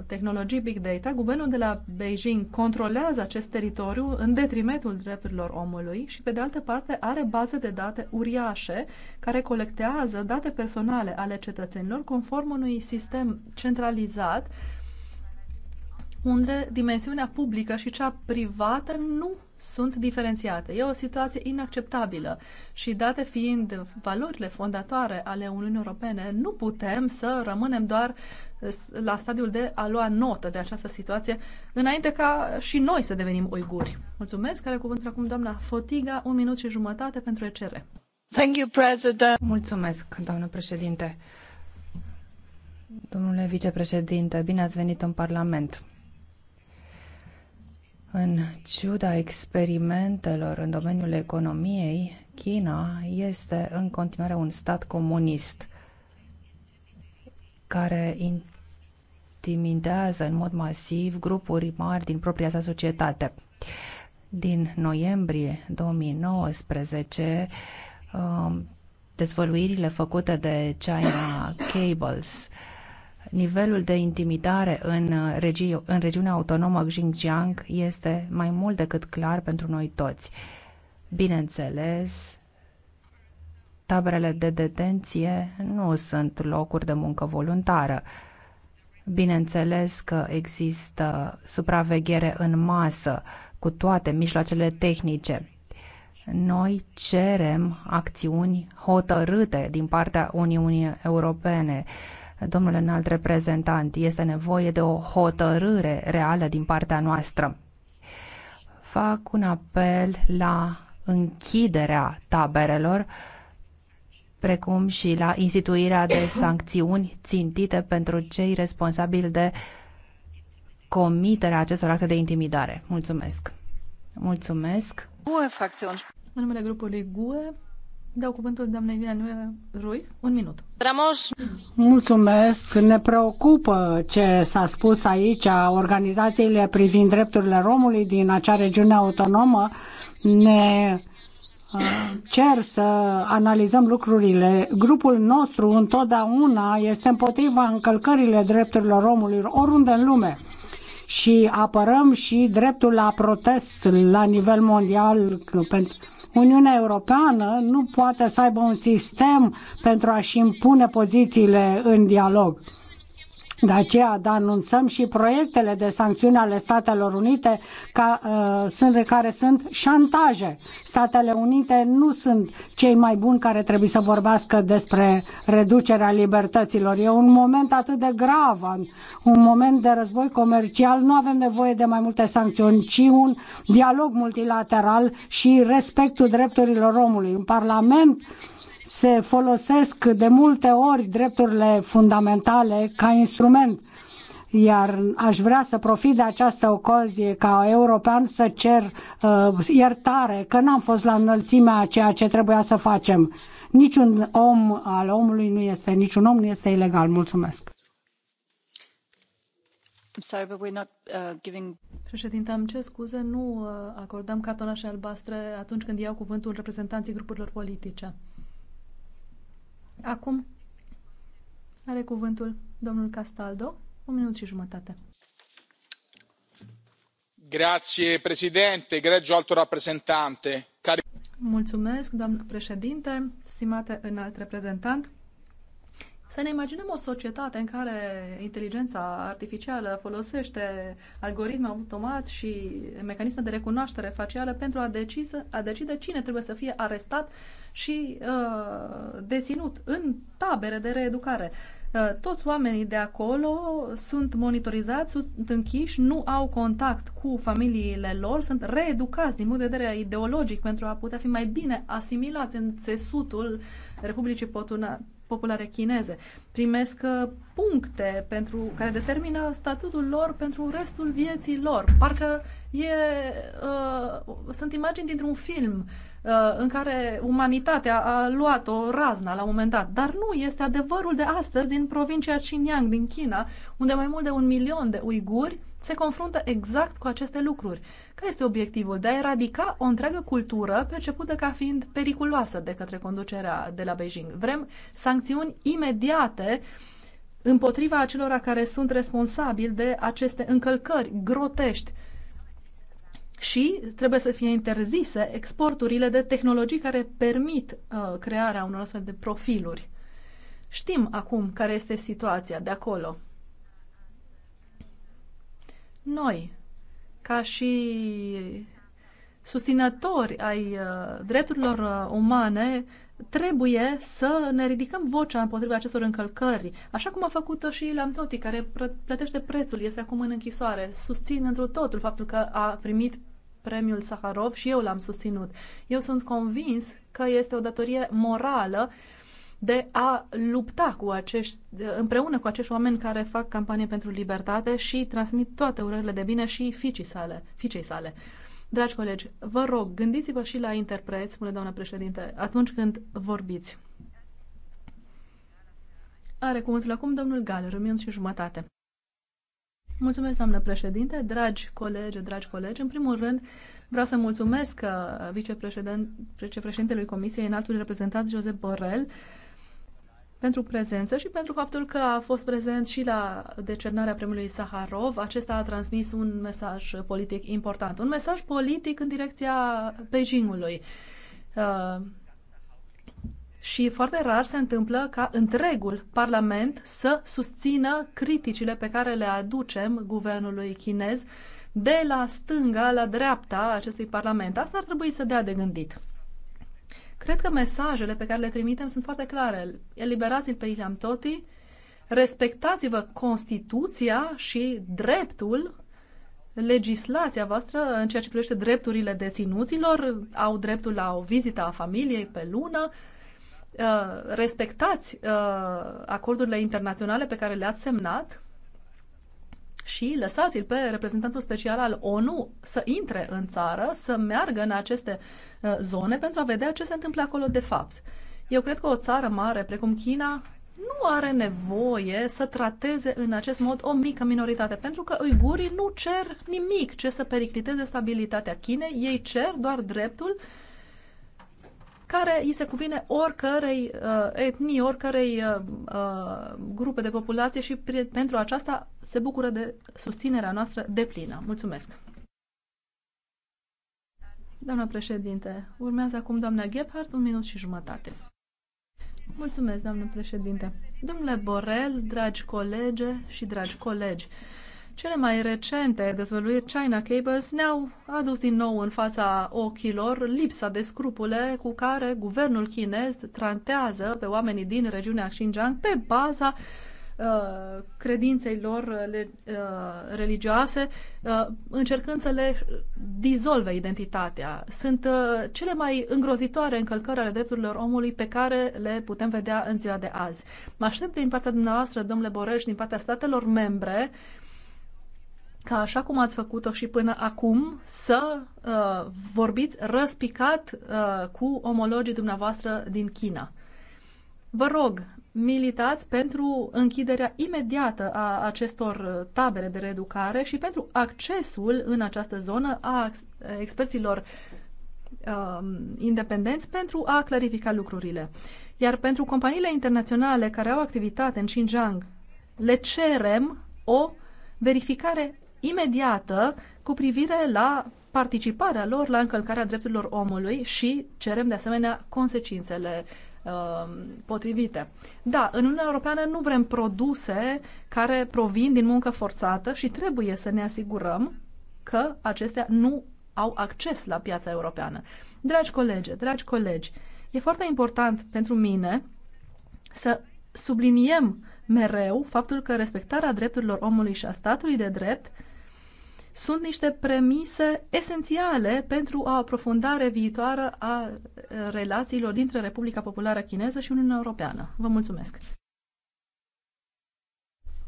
tehnologii big data, guvernul de la Beijing controlează acest teritoriu în detrimentul drepturilor omului și, pe de altă parte, are baze de date uriașe care colectează date personale ale cetățenilor conform unui sistem centralizat unde dimensiunea publică și cea privată nu sunt diferențiate. E o situație inacceptabilă și date fiind valorile fondatoare ale Uniunii Europene, nu putem să rămânem doar uh, la stadiul de a lua notă de această situație, înainte ca și noi să devenim uiguri. Mulțumesc. Care cuvântul acum doamna Fotiga, un minut și jumătate pentru ECR. Thank you, President. Mulțumesc, doamnă președinte. Domnule vicepreședinte, bine ați venit în Parlament. În ciuda experimentelor în domeniul economiei, China este în continuare un stat comunist care intimidează în mod masiv grupuri mari din propria sa societate. Din noiembrie 2019, um, dezvăluirile făcute de China Cables Nivelul de intimidare în, uh, regi- în regiunea autonomă Xinjiang este mai mult decât clar pentru noi toți. Bineînțeles, taberele de detenție nu sunt locuri de muncă voluntară. Bineînțeles că există supraveghere în masă cu toate mijloacele tehnice. Noi cerem acțiuni hotărâte din partea Uniunii Europene domnule înalt reprezentant, este nevoie de o hotărâre reală din partea noastră. Fac un apel la închiderea taberelor, precum și la instituirea de sancțiuni țintite pentru cei responsabili de comiterea acestor acte de intimidare. Mulțumesc! Mulțumesc! În numele grupului GUE, Dau cuvântul doamnei Villanueva Ruiz. Un minut. Ramos. Mulțumesc. Ne preocupă ce s-a spus aici. Organizațiile privind drepturile romului din acea regiune autonomă ne uh, cer să analizăm lucrurile. Grupul nostru întotdeauna este împotriva încălcările drepturilor romului oriunde în lume și apărăm și dreptul la protest la nivel mondial pentru Uniunea Europeană nu poate să aibă un sistem pentru a-și impune pozițiile în dialog. De aceea da, anunțăm și proiectele de sancțiuni ale Statelor Unite ca, uh, sunt, care sunt șantaje. Statele Unite nu sunt cei mai buni care trebuie să vorbească despre reducerea libertăților. E un moment atât de grav, un moment de război comercial. Nu avem nevoie de mai multe sancțiuni, ci un dialog multilateral și respectul drepturilor omului. Un parlament se folosesc de multe ori drepturile fundamentale ca instrument iar aș vrea să profit de această ocazie ca european să cer uh, iertare că n-am fost la înălțimea ceea ce trebuia să facem. Niciun om al omului nu este, niciun om nu este ilegal. Mulțumesc. I'm sorry, but we're not, uh, giving... Președinte, am ce scuze, nu uh, acordăm cartonașe albastre atunci când iau cuvântul reprezentanții grupurilor politice. Acum are cuvântul domnul Castaldo, un minut și jumătate. Grazie, președinte, egregio alto reprezentante. Care... Mulțumesc, doamnă președinte, stimate înalt reprezentant. Să ne imaginăm o societate în care inteligența artificială folosește algoritme automați și mecanisme de recunoaștere facială pentru a, decise, a decide cine trebuie să fie arestat și uh, deținut în tabere de reeducare. Uh, toți oamenii de acolo sunt monitorizați, sunt închiși, nu au contact cu familiile lor, sunt reeducați din punct de vedere ideologic pentru a putea fi mai bine asimilați în țesutul Republicii Potuna populare chineze. Primesc uh, puncte pentru, care determină statutul lor pentru restul vieții lor. Parcă e, uh, sunt imagini dintr-un film uh, în care umanitatea a luat o razna la un moment dat. Dar nu este adevărul de astăzi din provincia Xinjiang, din China, unde mai mult de un milion de uiguri se confruntă exact cu aceste lucruri. Care este obiectivul? De a eradica o întreagă cultură percepută ca fiind periculoasă de către conducerea de la Beijing. Vrem sancțiuni imediate împotriva acelora care sunt responsabili de aceste încălcări grotești și trebuie să fie interzise exporturile de tehnologii care permit uh, crearea unor astfel de profiluri. Știm acum care este situația de acolo. Noi, ca și susținători ai uh, drepturilor uh, umane, trebuie să ne ridicăm vocea împotriva acestor încălcări, așa cum a făcut-o și Ilham Toti, care plătește prețul, este acum în închisoare. Susțin într totul faptul că a primit premiul Saharov și eu l-am susținut. Eu sunt convins că este o datorie morală uh, de a lupta cu acești, împreună cu acești oameni care fac campanie pentru libertate și transmit toate urările de bine și fiicii sale, fiicei sale. Dragi colegi, vă rog, gândiți-vă și la interpreți, spune doamna președinte, atunci când vorbiți. Are cuvântul acum domnul Gal, rămân și jumătate. Mulțumesc, doamnă președinte, dragi colegi, dragi colegi. În primul rând, vreau să mulțumesc uh, vicepreședintelui Comisiei, înaltului reprezentant Josep Borrell, pentru prezență și pentru faptul că a fost prezent și la decernarea premiului Saharov. Acesta a transmis un mesaj politic important, un mesaj politic în direcția Beijingului. Uh, și foarte rar se întâmplă ca întregul Parlament să susțină criticile pe care le aducem guvernului chinez de la stânga la dreapta acestui Parlament. Asta ar trebui să dea de gândit. Cred că mesajele pe care le trimitem sunt foarte clare. Eliberați-l pe Iliam Toti, respectați-vă Constituția și dreptul, legislația voastră în ceea ce privește drepturile deținuților, au dreptul la o vizită a familiei pe lună, uh, respectați uh, acordurile internaționale pe care le-ați semnat și lăsați-l pe reprezentantul special al ONU să intre în țară, să meargă în aceste uh, zone pentru a vedea ce se întâmplă acolo de fapt. Eu cred că o țară mare precum China nu are nevoie să trateze în acest mod o mică minoritate, pentru că uigurii nu cer nimic ce să pericliteze stabilitatea Chinei, ei cer doar dreptul care îi se cuvine oricărei uh, etnii, oricărei uh, uh grupe de populație și pentru aceasta se bucură de susținerea noastră deplină. Mulțumesc! Doamna președinte, urmează acum doamna Gebhardt, un minut și jumătate. Mulțumesc, doamnă președinte. Domnule Borel, dragi colege și dragi colegi, uh, cele mai recente dezvăluiri China Cables ne-au adus din nou în fața ochilor lipsa de scrupule cu care guvernul chinez tratează pe oamenii din regiunea Xinjiang pe baza uh, credinței lor uh, religioase, uh, încercând să le dizolve identitatea. Sunt cele mai îngrozitoare încălcări ale drepturilor omului pe care le putem vedea în ziua de azi. Mă aștept din partea dumneavoastră, domnule Boreș, din partea statelor membre, ca așa cum ați făcut-o și până acum, să uh, vorbiți răspicat uh, cu omologii dumneavoastră din China. Vă rog, militați pentru închiderea imediată a acestor uh, tabere de reeducare și pentru accesul în această zonă a experților uh, independenți pentru a clarifica lucrurile. Iar pentru companiile internaționale care au activitate în Xinjiang, le cerem o verificare imediată cu privire la participarea lor la încălcarea drepturilor omului și cerem de asemenea consecințele um, potrivite. Da, în Uniunea Europeană nu vrem produse care provin din muncă forțată și trebuie să ne asigurăm că acestea nu au acces la piața europeană. Dragi colegi, dragi colegi, e foarte important pentru mine să subliniem mereu faptul că respectarea drepturilor omului și a statului de drept uh, sunt niște premise esențiale pentru o aprofundare viitoare a relațiilor dintre Republica Populară Chineză și Uniunea Europeană. Vă mulțumesc!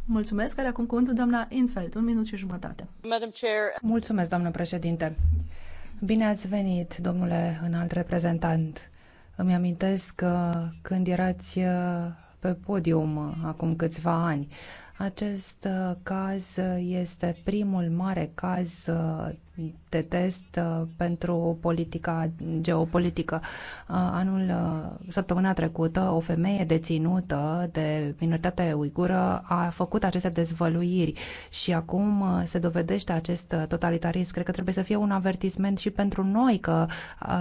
Mulțumesc, care acum cuvântul doamna Infeld, un minut și jumătate. Mulțumesc, doamnă președinte. Bine ați venit, domnule înalt reprezentant. Îmi amintesc că când erați pe podium acum câțiva ani. Acest uh, caz uh, este primul mare caz uh, de test uh, pentru politica geopolitică. Uh, anul, uh, săptămâna trecută, o femeie deținută de minoritatea uigură a făcut aceste dezvăluiri și acum se dovedește acest totalitarism. Cred că trebuie să fie un avertisment și pentru noi că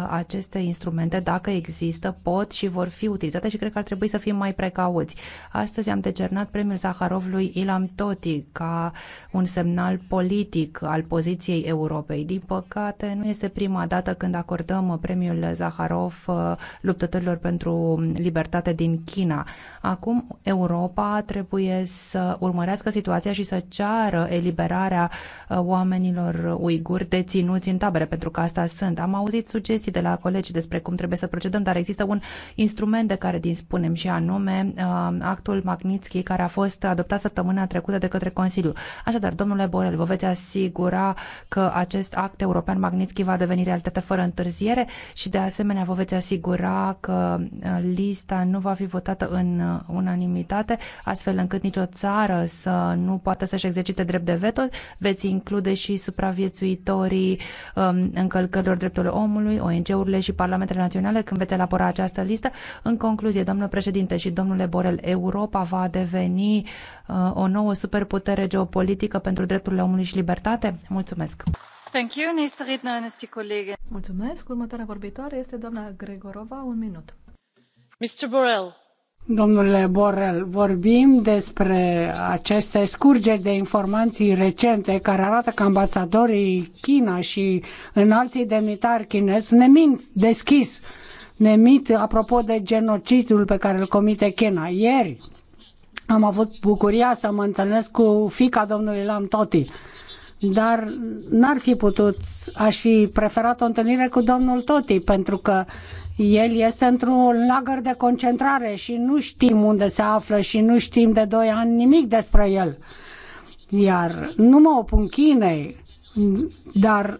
aceste instrumente, dacă există, pot și vor fi utilizate și cred că ar trebui să fim mai precauți. Astăzi am decernat premiul Zaharov lui Ilham Toti ca un semnal politic al poziției Europei. Din din păcate, nu este prima dată când acordăm premiul Zaharov uh, luptătorilor pentru libertate din China. Acum Europa trebuie să urmărească situația și să ceară eliberarea uh, oamenilor uiguri deținuți în tabere, pentru că asta sunt. Am auzit sugestii de la colegi despre cum trebuie să procedăm, dar există un instrument de care dispunem și anume uh, actul Magnitsky care a fost adoptat săptămâna trecută de către Consiliu. Așadar, domnule Borel, vă veți asigura că acest act pact european Magnitsky va deveni realitate fără întârziere și de asemenea vă veți asigura că uh, lista nu va fi votată în uh, unanimitate, astfel încât nicio țară să nu poată să-și exercite drept de veto. Veți include și supraviețuitorii um, încălcărilor drepturilor omului, ONG-urile și parlamentele naționale când veți elabora această listă. În concluzie, domnule președinte și domnule Borel, Europa va deveni uh, o nouă superputere geopolitică pentru drepturile omului și libertate? Mulțumesc! Thank you. Nächste Rednerin ist die Kollegin. Mulțumesc. Următoarea vorbitoare este doamna Gregorova, un minut. Mr. Borrell. Domnule Borrell, vorbim despre aceste scurgeri de informații recente care arată că ambasadorii China și înalții demnitari chinezi ne mint deschis, ne mint apropo de genocidul pe care îl comite China. Ieri am avut bucuria să mă întâlnesc cu fica domnului Lam Toti dar n-ar fi putut, aș fi preferat o întâlnire cu domnul Toti, pentru că el este într-un lagăr de concentrare și nu știm unde se află și nu știm de doi ani nimic despre el. Iar nu mă opun Chinei, dar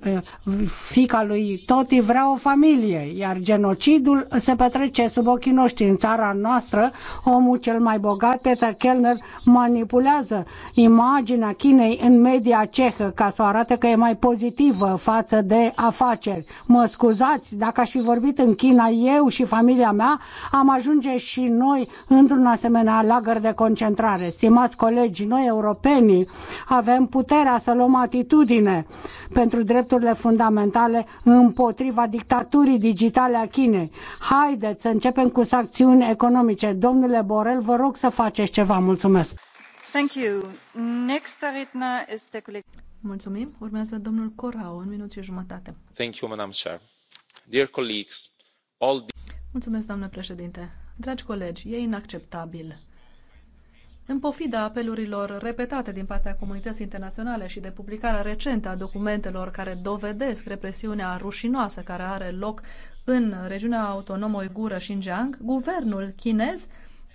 fica lui Toti vrea o familie, iar genocidul se petrece sub ochii noștri. În țara noastră, omul cel mai bogat, Peter Kellner, manipulează imaginea Chinei în media cehă ca să arate că e mai pozitivă față de afaceri. Mă scuzați, dacă aș fi vorbit în China eu și familia mea, am ajunge și noi într-un asemenea lagăr de concentrare. Stimați colegi, noi europenii avem puterea să luăm atitudine pentru drepturile fundamentale împotriva dictaturii digitale a Chinei. Haideți să începem cu sancțiuni economice. Domnule Borel, vă rog să faceți ceva. Mulțumesc. Thank you. Next este coleg... Mulțumim. Urmează domnul Corao, un minut și jumătate. Thank you, Madam Chair. Dear colleagues, all the... Mulțumesc, doamnă președinte. Dragi colegi, e inacceptabil în pofida apelurilor repetate din partea comunității internaționale și de publicarea recentă a documentelor care dovedesc represiunea rușinoasă care are loc în regiunea autonomă uigură Xinjiang, guvernul chinez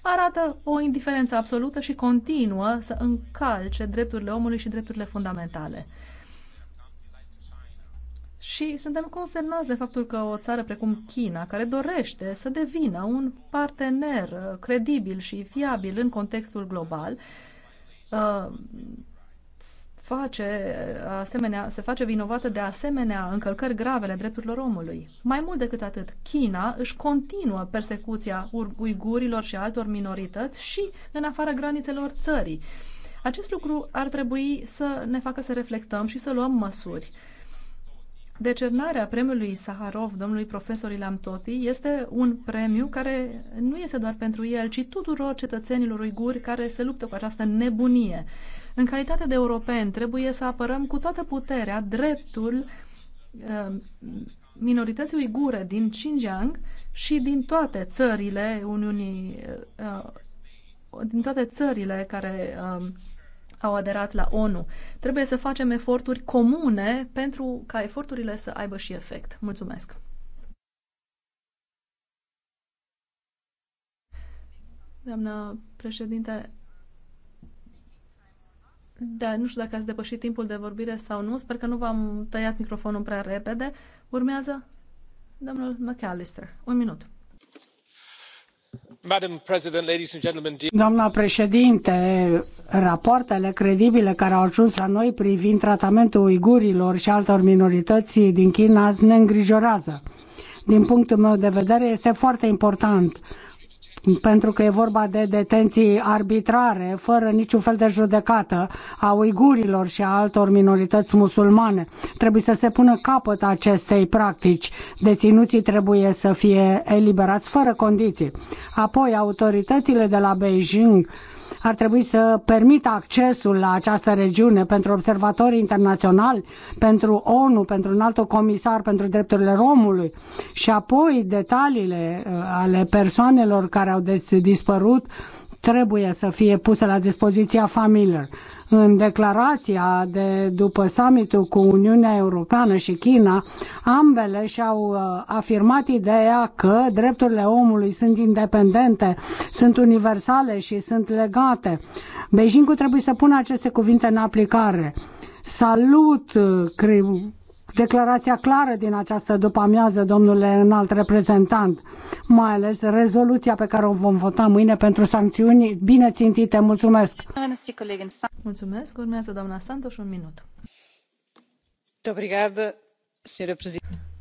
arată o indiferență absolută și continuă să încalce drepturile omului și drepturile fundamentale. Și suntem consternați de faptul că o țară precum China, care dorește să devină un partener uh, credibil și fiabil în contextul global, uh, face asemenea, se face vinovată de asemenea încălcări grave ale drepturilor omului. Mai mult decât atât, China își continuă persecuția uigurilor și altor minorități și în afara granițelor țării. Acest lucru ar trebui să ne facă să reflectăm și să luăm măsuri. Decernarea premiului Saharov domnului profesor Ilam Toti este un premiu care nu este doar pentru el, ci tuturor cetățenilor uiguri care se luptă cu această nebunie. În calitate de europeni trebuie să apărăm cu toată puterea dreptul uh, minorității uigure din Xinjiang și din toate țările Uniunii, uh, uh din toate țările care uh, au aderat la ONU. Trebuie să facem eforturi comune pentru ca eforturile să aibă și efect. Mulțumesc! Doamna președinte, da, nu știu dacă ați depășit timpul de vorbire sau nu. Sper că nu v-am tăiat microfonul prea repede. Urmează domnul McAllister. Un minut doamnă președintă, rapoartele credibile care au ajuns la noi privind tratamentul uigurilor și altor minorități din China ne îngrijorează. Din punctul meu de vedere, este foarte important pentru că e vorba de detenții arbitrare, fără niciun fel de judecată a uigurilor și a altor minorități musulmane. Trebuie să se pună capăt acestei practici. Deținuții trebuie să fie eliberați fără condiții. Apoi, autoritățile de la Beijing ar trebui să permită accesul la această regiune pentru observatorii internaționali, pentru ONU, pentru un alt comisar pentru drepturile romului și apoi detaliile uh, ale persoanelor care au dispărut trebuie să fie puse la dispoziția familiilor. În declarația de după summitul cu Uniunea Europeană și China, ambele și-au uh, afirmat ideea că drepturile omului sunt independente, sunt universale și sunt legate. Beijingul trebuie să pună aceste cuvinte în aplicare. Salut uh, declarația clară din această după-amiază, domnule înalt reprezentant, mai ales rezoluția pe care o vom vota mâine pentru sancțiuni bine țintite. Mulțumesc! Mulțumesc! Urmează doamna Santos un minut.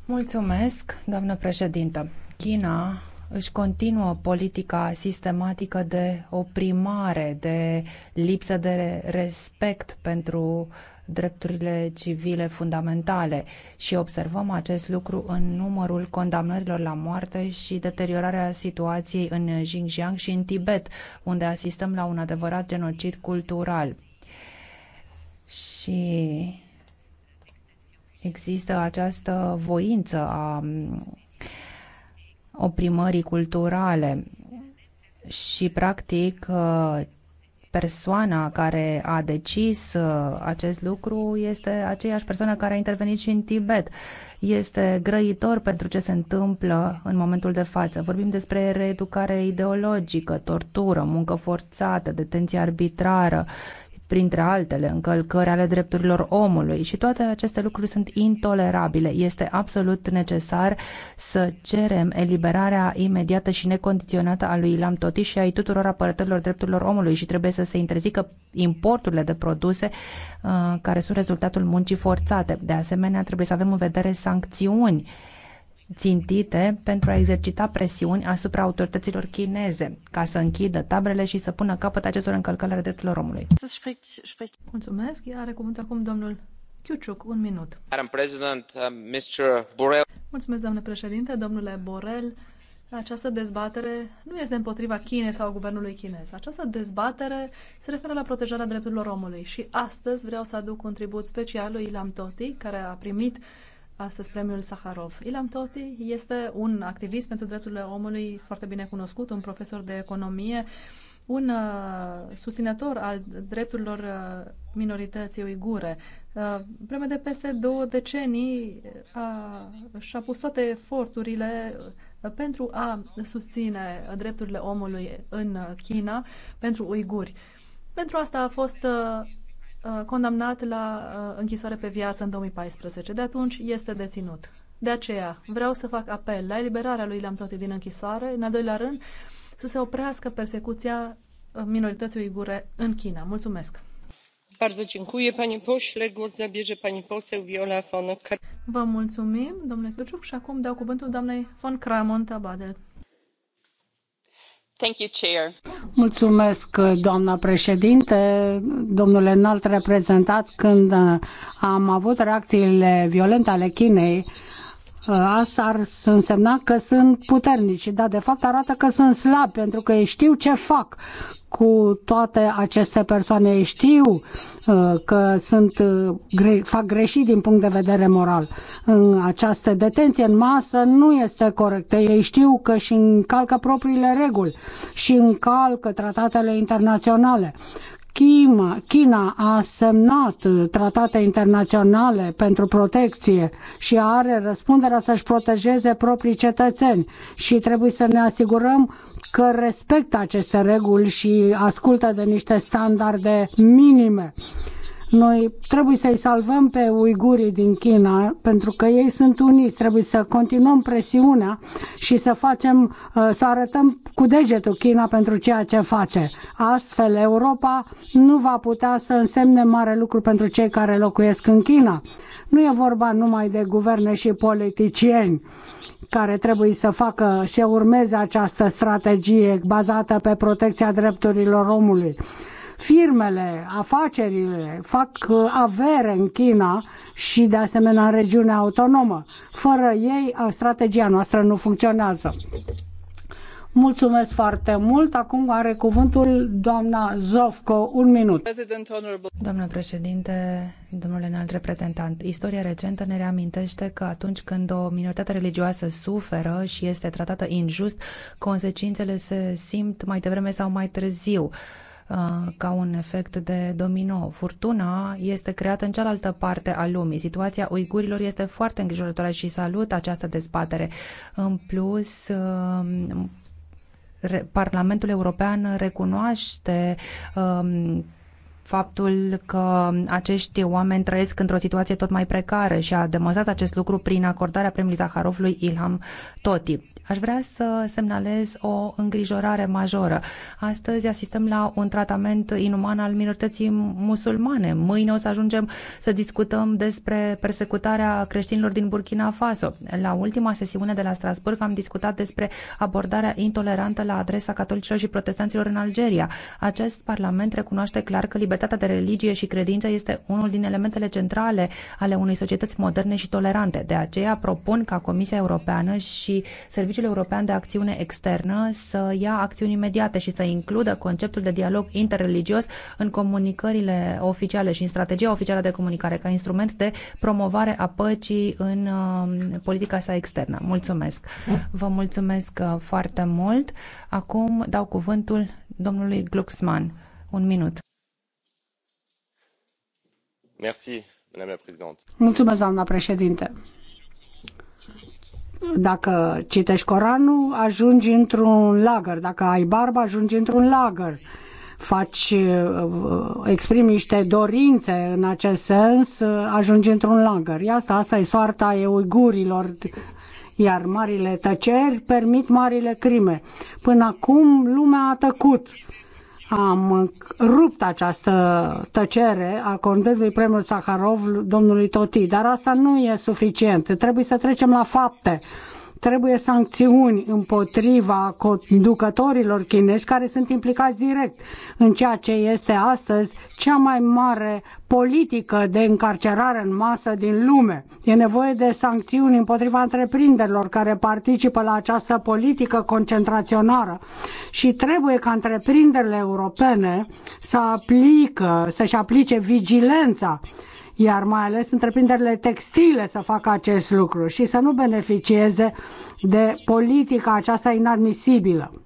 Mulțumesc, doamnă președintă. China își continuă politica sistematică de oprimare, de lipsă de respect pentru uh, drepturile civile fundamentale și observăm acest lucru în numărul condamnărilor la moarte și deteriorarea situației în Xinjiang și în Tibet, unde asistăm la un adevărat genocid cultural. Și există această voință a oprimării culturale și practic persoana care a decis uh, acest lucru este aceeași persoană care a intervenit și în Tibet. Este grăitor pentru ce se întâmplă în momentul de față. Vorbim despre reeducare ideologică, tortură, muncă forțată, detenție arbitrară, printre altele încălcări ale drepturilor omului și toate aceste lucruri sunt intolerabile. Este absolut necesar să cerem eliberarea imediată și necondiționată a lui Ilam Toti și ai tuturor apărătorilor drepturilor omului și trebuie să se interzică importurile de produse uh, care sunt rezultatul muncii forțate. De asemenea, trebuie să avem în vedere sancțiuni uh, țintite pentru a exercita presiuni asupra autorităților chineze ca să închidă tabrele și să pună capăt acestor încălcări ale drepturilor omului. Mulțumesc. Are cuvântul acum domnul Chiuciuc, un minut. Uh, Mulțumesc, doamne președinte, domnule Borel. Această dezbatere nu este împotriva Chinei sau guvernului chinez. Această dezbatere se referă la protejarea drepturilor omului și astăzi vreau să aduc un tribut special lui Ilam Toti, care a primit uh, astăzi premiul Saharov. Ilam Toti este un activist pentru drepturile omului foarte bine cunoscut, un profesor de economie, un uh, susținător al drepturilor uh, minorității uigure. Uh, vreme de peste două decenii uh, și-a pus toate eforturile uh, pentru a susține drepturile omului în China pentru uiguri. Pentru asta a fost uh, Uh, condamnat la uh, închisoare pe viață în 2014. De atunci este deținut. De aceea vreau să fac apel la eliberarea lui Toti din închisoare, în al doilea rând, să se oprească persecuția uh, minorității uigure în China. Mulțumesc! Bardzo dziękuję, pani pośle. Głos zabierze poseł Viola von Kramont. Vă mulțumim, domnule Căciuc, și acum dau cuvântul doamnei von Kramont Abadel. Mulțumesc, doamna președinte, domnule înalt reprezentat, când am avut reacțiile violente ale Chinei, Asta ar însemna că sunt puternici, dar de fapt arată că sunt slabi, pentru că ei știu ce fac cu toate aceste persoane. știu uh, că sunt, uh, fac greșit din punct de vedere moral. În această detenție în masă nu este corectă. Ei știu că și încalcă propriile reguli și încalcă tratatele internaționale. China, China a semnat tratate internaționale pentru protecție și are răspunderea să-și protejeze proprii cetățeni și trebuie să ne asigurăm că respectă aceste reguli și ascultă de niște standarde minime. Noi trebuie să-i salvăm pe uigurii din China pentru că ei sunt uniți. Trebuie să continuăm presiunea și să facem, uh, să arătăm cu degetul China pentru ceea ce face. Astfel, Europa nu va putea să însemne mare lucru pentru cei care locuiesc în China. Nu e vorba numai de guverne și politicieni care trebuie să facă, să urmeze această strategie bazată pe protecția drepturilor omului firmele, afacerile fac uh, avere în China și de asemenea în regiunea autonomă. Fără ei, uh, strategia noastră nu funcționează. Mulțumesc foarte mult. Acum are cuvântul doamna Zovco. Un minut. Domnule președinte, domnule înalt reprezentant, istoria recentă ne reamintește că atunci când o minoritate religioasă suferă și este tratată injust, consecințele se simt mai devreme sau mai târziu. Uh, Uh, ca un efect de domino. Furtuna este creată în cealaltă parte a lumii. Situația uigurilor este foarte îngrijorătoare și salut această dezbatere. În plus, um, Parlamentul European recunoaște um, faptul că acești oameni trăiesc într-o situație tot mai precară și a demonstrat acest lucru prin acordarea premiului Zaharovului Ilham Toti. Aș vrea să semnalez o îngrijorare majoră. Astăzi asistăm la un tratament inuman al minorității musulmane. Mâine o să ajungem să discutăm despre persecutarea creștinilor din Burkina Faso. La ultima sesiune de la Strasburg am discutat despre abordarea intolerantă la adresa catolicilor și protestanților în Algeria. Acest parlament recunoaște clar că libertatea de religie și credință este unul din elementele centrale ale unei societăți moderne și tolerante. De aceea propun ca Comisia Europeană și Serviciul Serviciul European de Acțiune Externă să ia acțiuni imediate și să includă conceptul de dialog interreligios în comunicările oficiale și în strategia oficială de comunicare ca instrument de promovare a păcii în um, politica sa externă. Mulțumesc! Vă mulțumesc uh, foarte mult. Acum dau cuvântul domnului Glucksmann. Un minut. Mulțumesc doamna președinte. Dacă citești Coranul, ajungi într-un lagăr. Dacă ai barbă, ajungi într-un lagăr. Faci, uh, uh, exprimi niște dorințe în acest sens, uh, ajungi într-un lagăr. Asta, asta e soarta uigurilor iar marile tăceri permit marile crime. Până acum lumea a tăcut am rupt această tăcere a i premiului Saharov domnului Toti, dar asta nu e suficient. Trebuie să trecem la fapte. Trebuie sancțiuni împotriva conducătorilor chinezi care sunt implicați direct în ceea ce este astăzi cea mai mare politică de încarcerare în masă din lume. E nevoie de sancțiuni împotriva întreprinderilor care participă la această politică concentraționară și trebuie ca întreprinderile europene să aplică, să-și aplice vigilența iar mai ales întreprinderile textile să facă acest lucru și să nu beneficieze de politica aceasta inadmisibilă.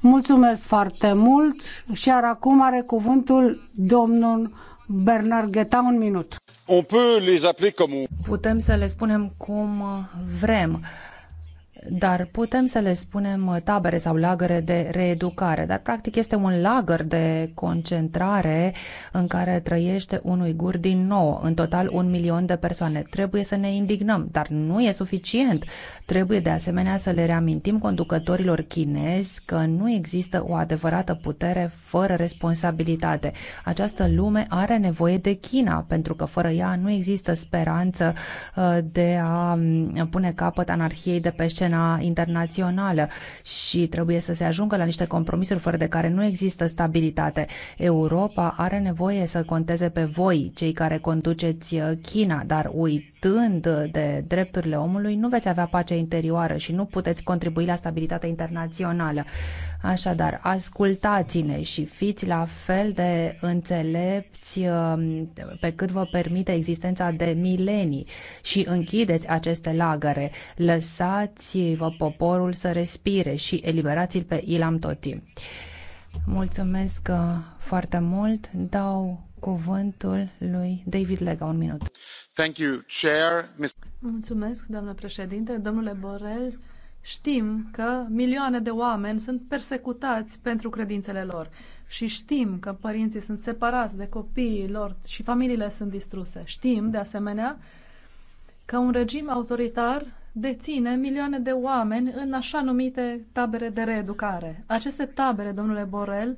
Mulțumesc foarte mult și iar acum are cuvântul domnul Bernard Gheta, un minut. Putem să le spunem cum vrem dar putem să le spunem tabere sau lagăre de reeducare, dar practic este un lagăr de concentrare în care trăiește un uigur din nou, în total un milion de persoane. Trebuie să ne indignăm, dar nu e suficient. Trebuie de asemenea să le reamintim conducătorilor chinezi că nu există o adevărată putere fără responsabilitate. Această lume are nevoie de China, pentru că fără ea nu există speranță uh, de a mm, pune capăt anarhiei de pe scenă scena internațională și trebuie să se ajungă la niște compromisuri fără de care nu există stabilitate. Europa are nevoie să conteze pe voi, cei care conduceți China, dar uitând de drepturile omului, nu veți avea pace interioară și nu puteți contribui la stabilitatea internațională. Așadar, ascultați-ne și fiți la fel de înțelepți um, pe cât vă permite existența de milenii și închideți aceste lagăre. Lăsați-vă poporul să respire și eliberați-l pe Ilam Toti. Mulțumesc uh, foarte mult. Dau cuvântul lui David Lega. Un minut. Thank you, Chair. Mulțumesc, doamnă președinte. Domnule Borel, Știm că milioane de oameni sunt persecutați pentru credințele lor și știm că părinții sunt separați de copiii lor și familiile sunt distruse. Știm, de asemenea, că un regim autoritar deține milioane de oameni în așa numite tabere de reeducare. Aceste tabere, domnule Borel,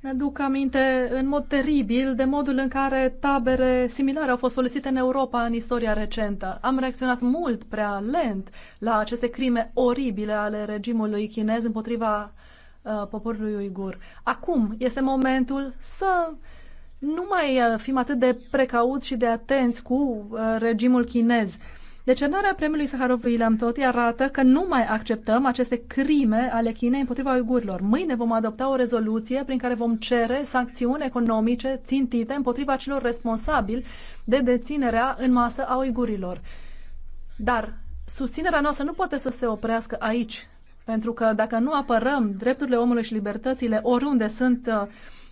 ne duc aminte în mod teribil de modul în care tabere similare au fost folosite în Europa în istoria recentă. Am reacționat mult prea lent la aceste crime oribile ale regimului chinez împotriva uh, poporului uigur. Acum este momentul să nu mai uh, fim atât de precauți și de atenți cu uh, regimul chinez. Uh, Decernarea premiului Saharovului lui Ilham Toti arată că nu mai acceptăm aceste crime ale Chinei împotriva uigurilor. Mâine vom adopta o rezoluție prin care vom cere sancțiuni economice țintite împotriva celor responsabili de deținerea în masă a uigurilor. Dar susținerea noastră nu poate să se oprească aici, pentru că dacă nu apărăm drepturile omului și libertățile oriunde sunt uh,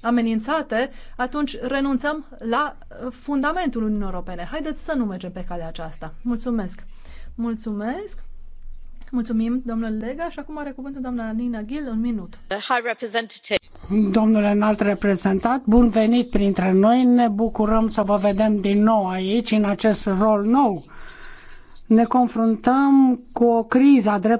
amenințate, atunci renunțăm la uh, fundamentul Uniunii Europene. Haideți să nu mergem pe calea aceasta. Mulțumesc! Mulțumesc! Mulțumim, domnule Lega, și acum are cuvântul doamna Nina Gil, un minut. Domnule înalt reprezentat, bun venit printre noi, ne bucurăm să vă vedem din nou aici, în acest rol nou ne confruntăm cu o criză a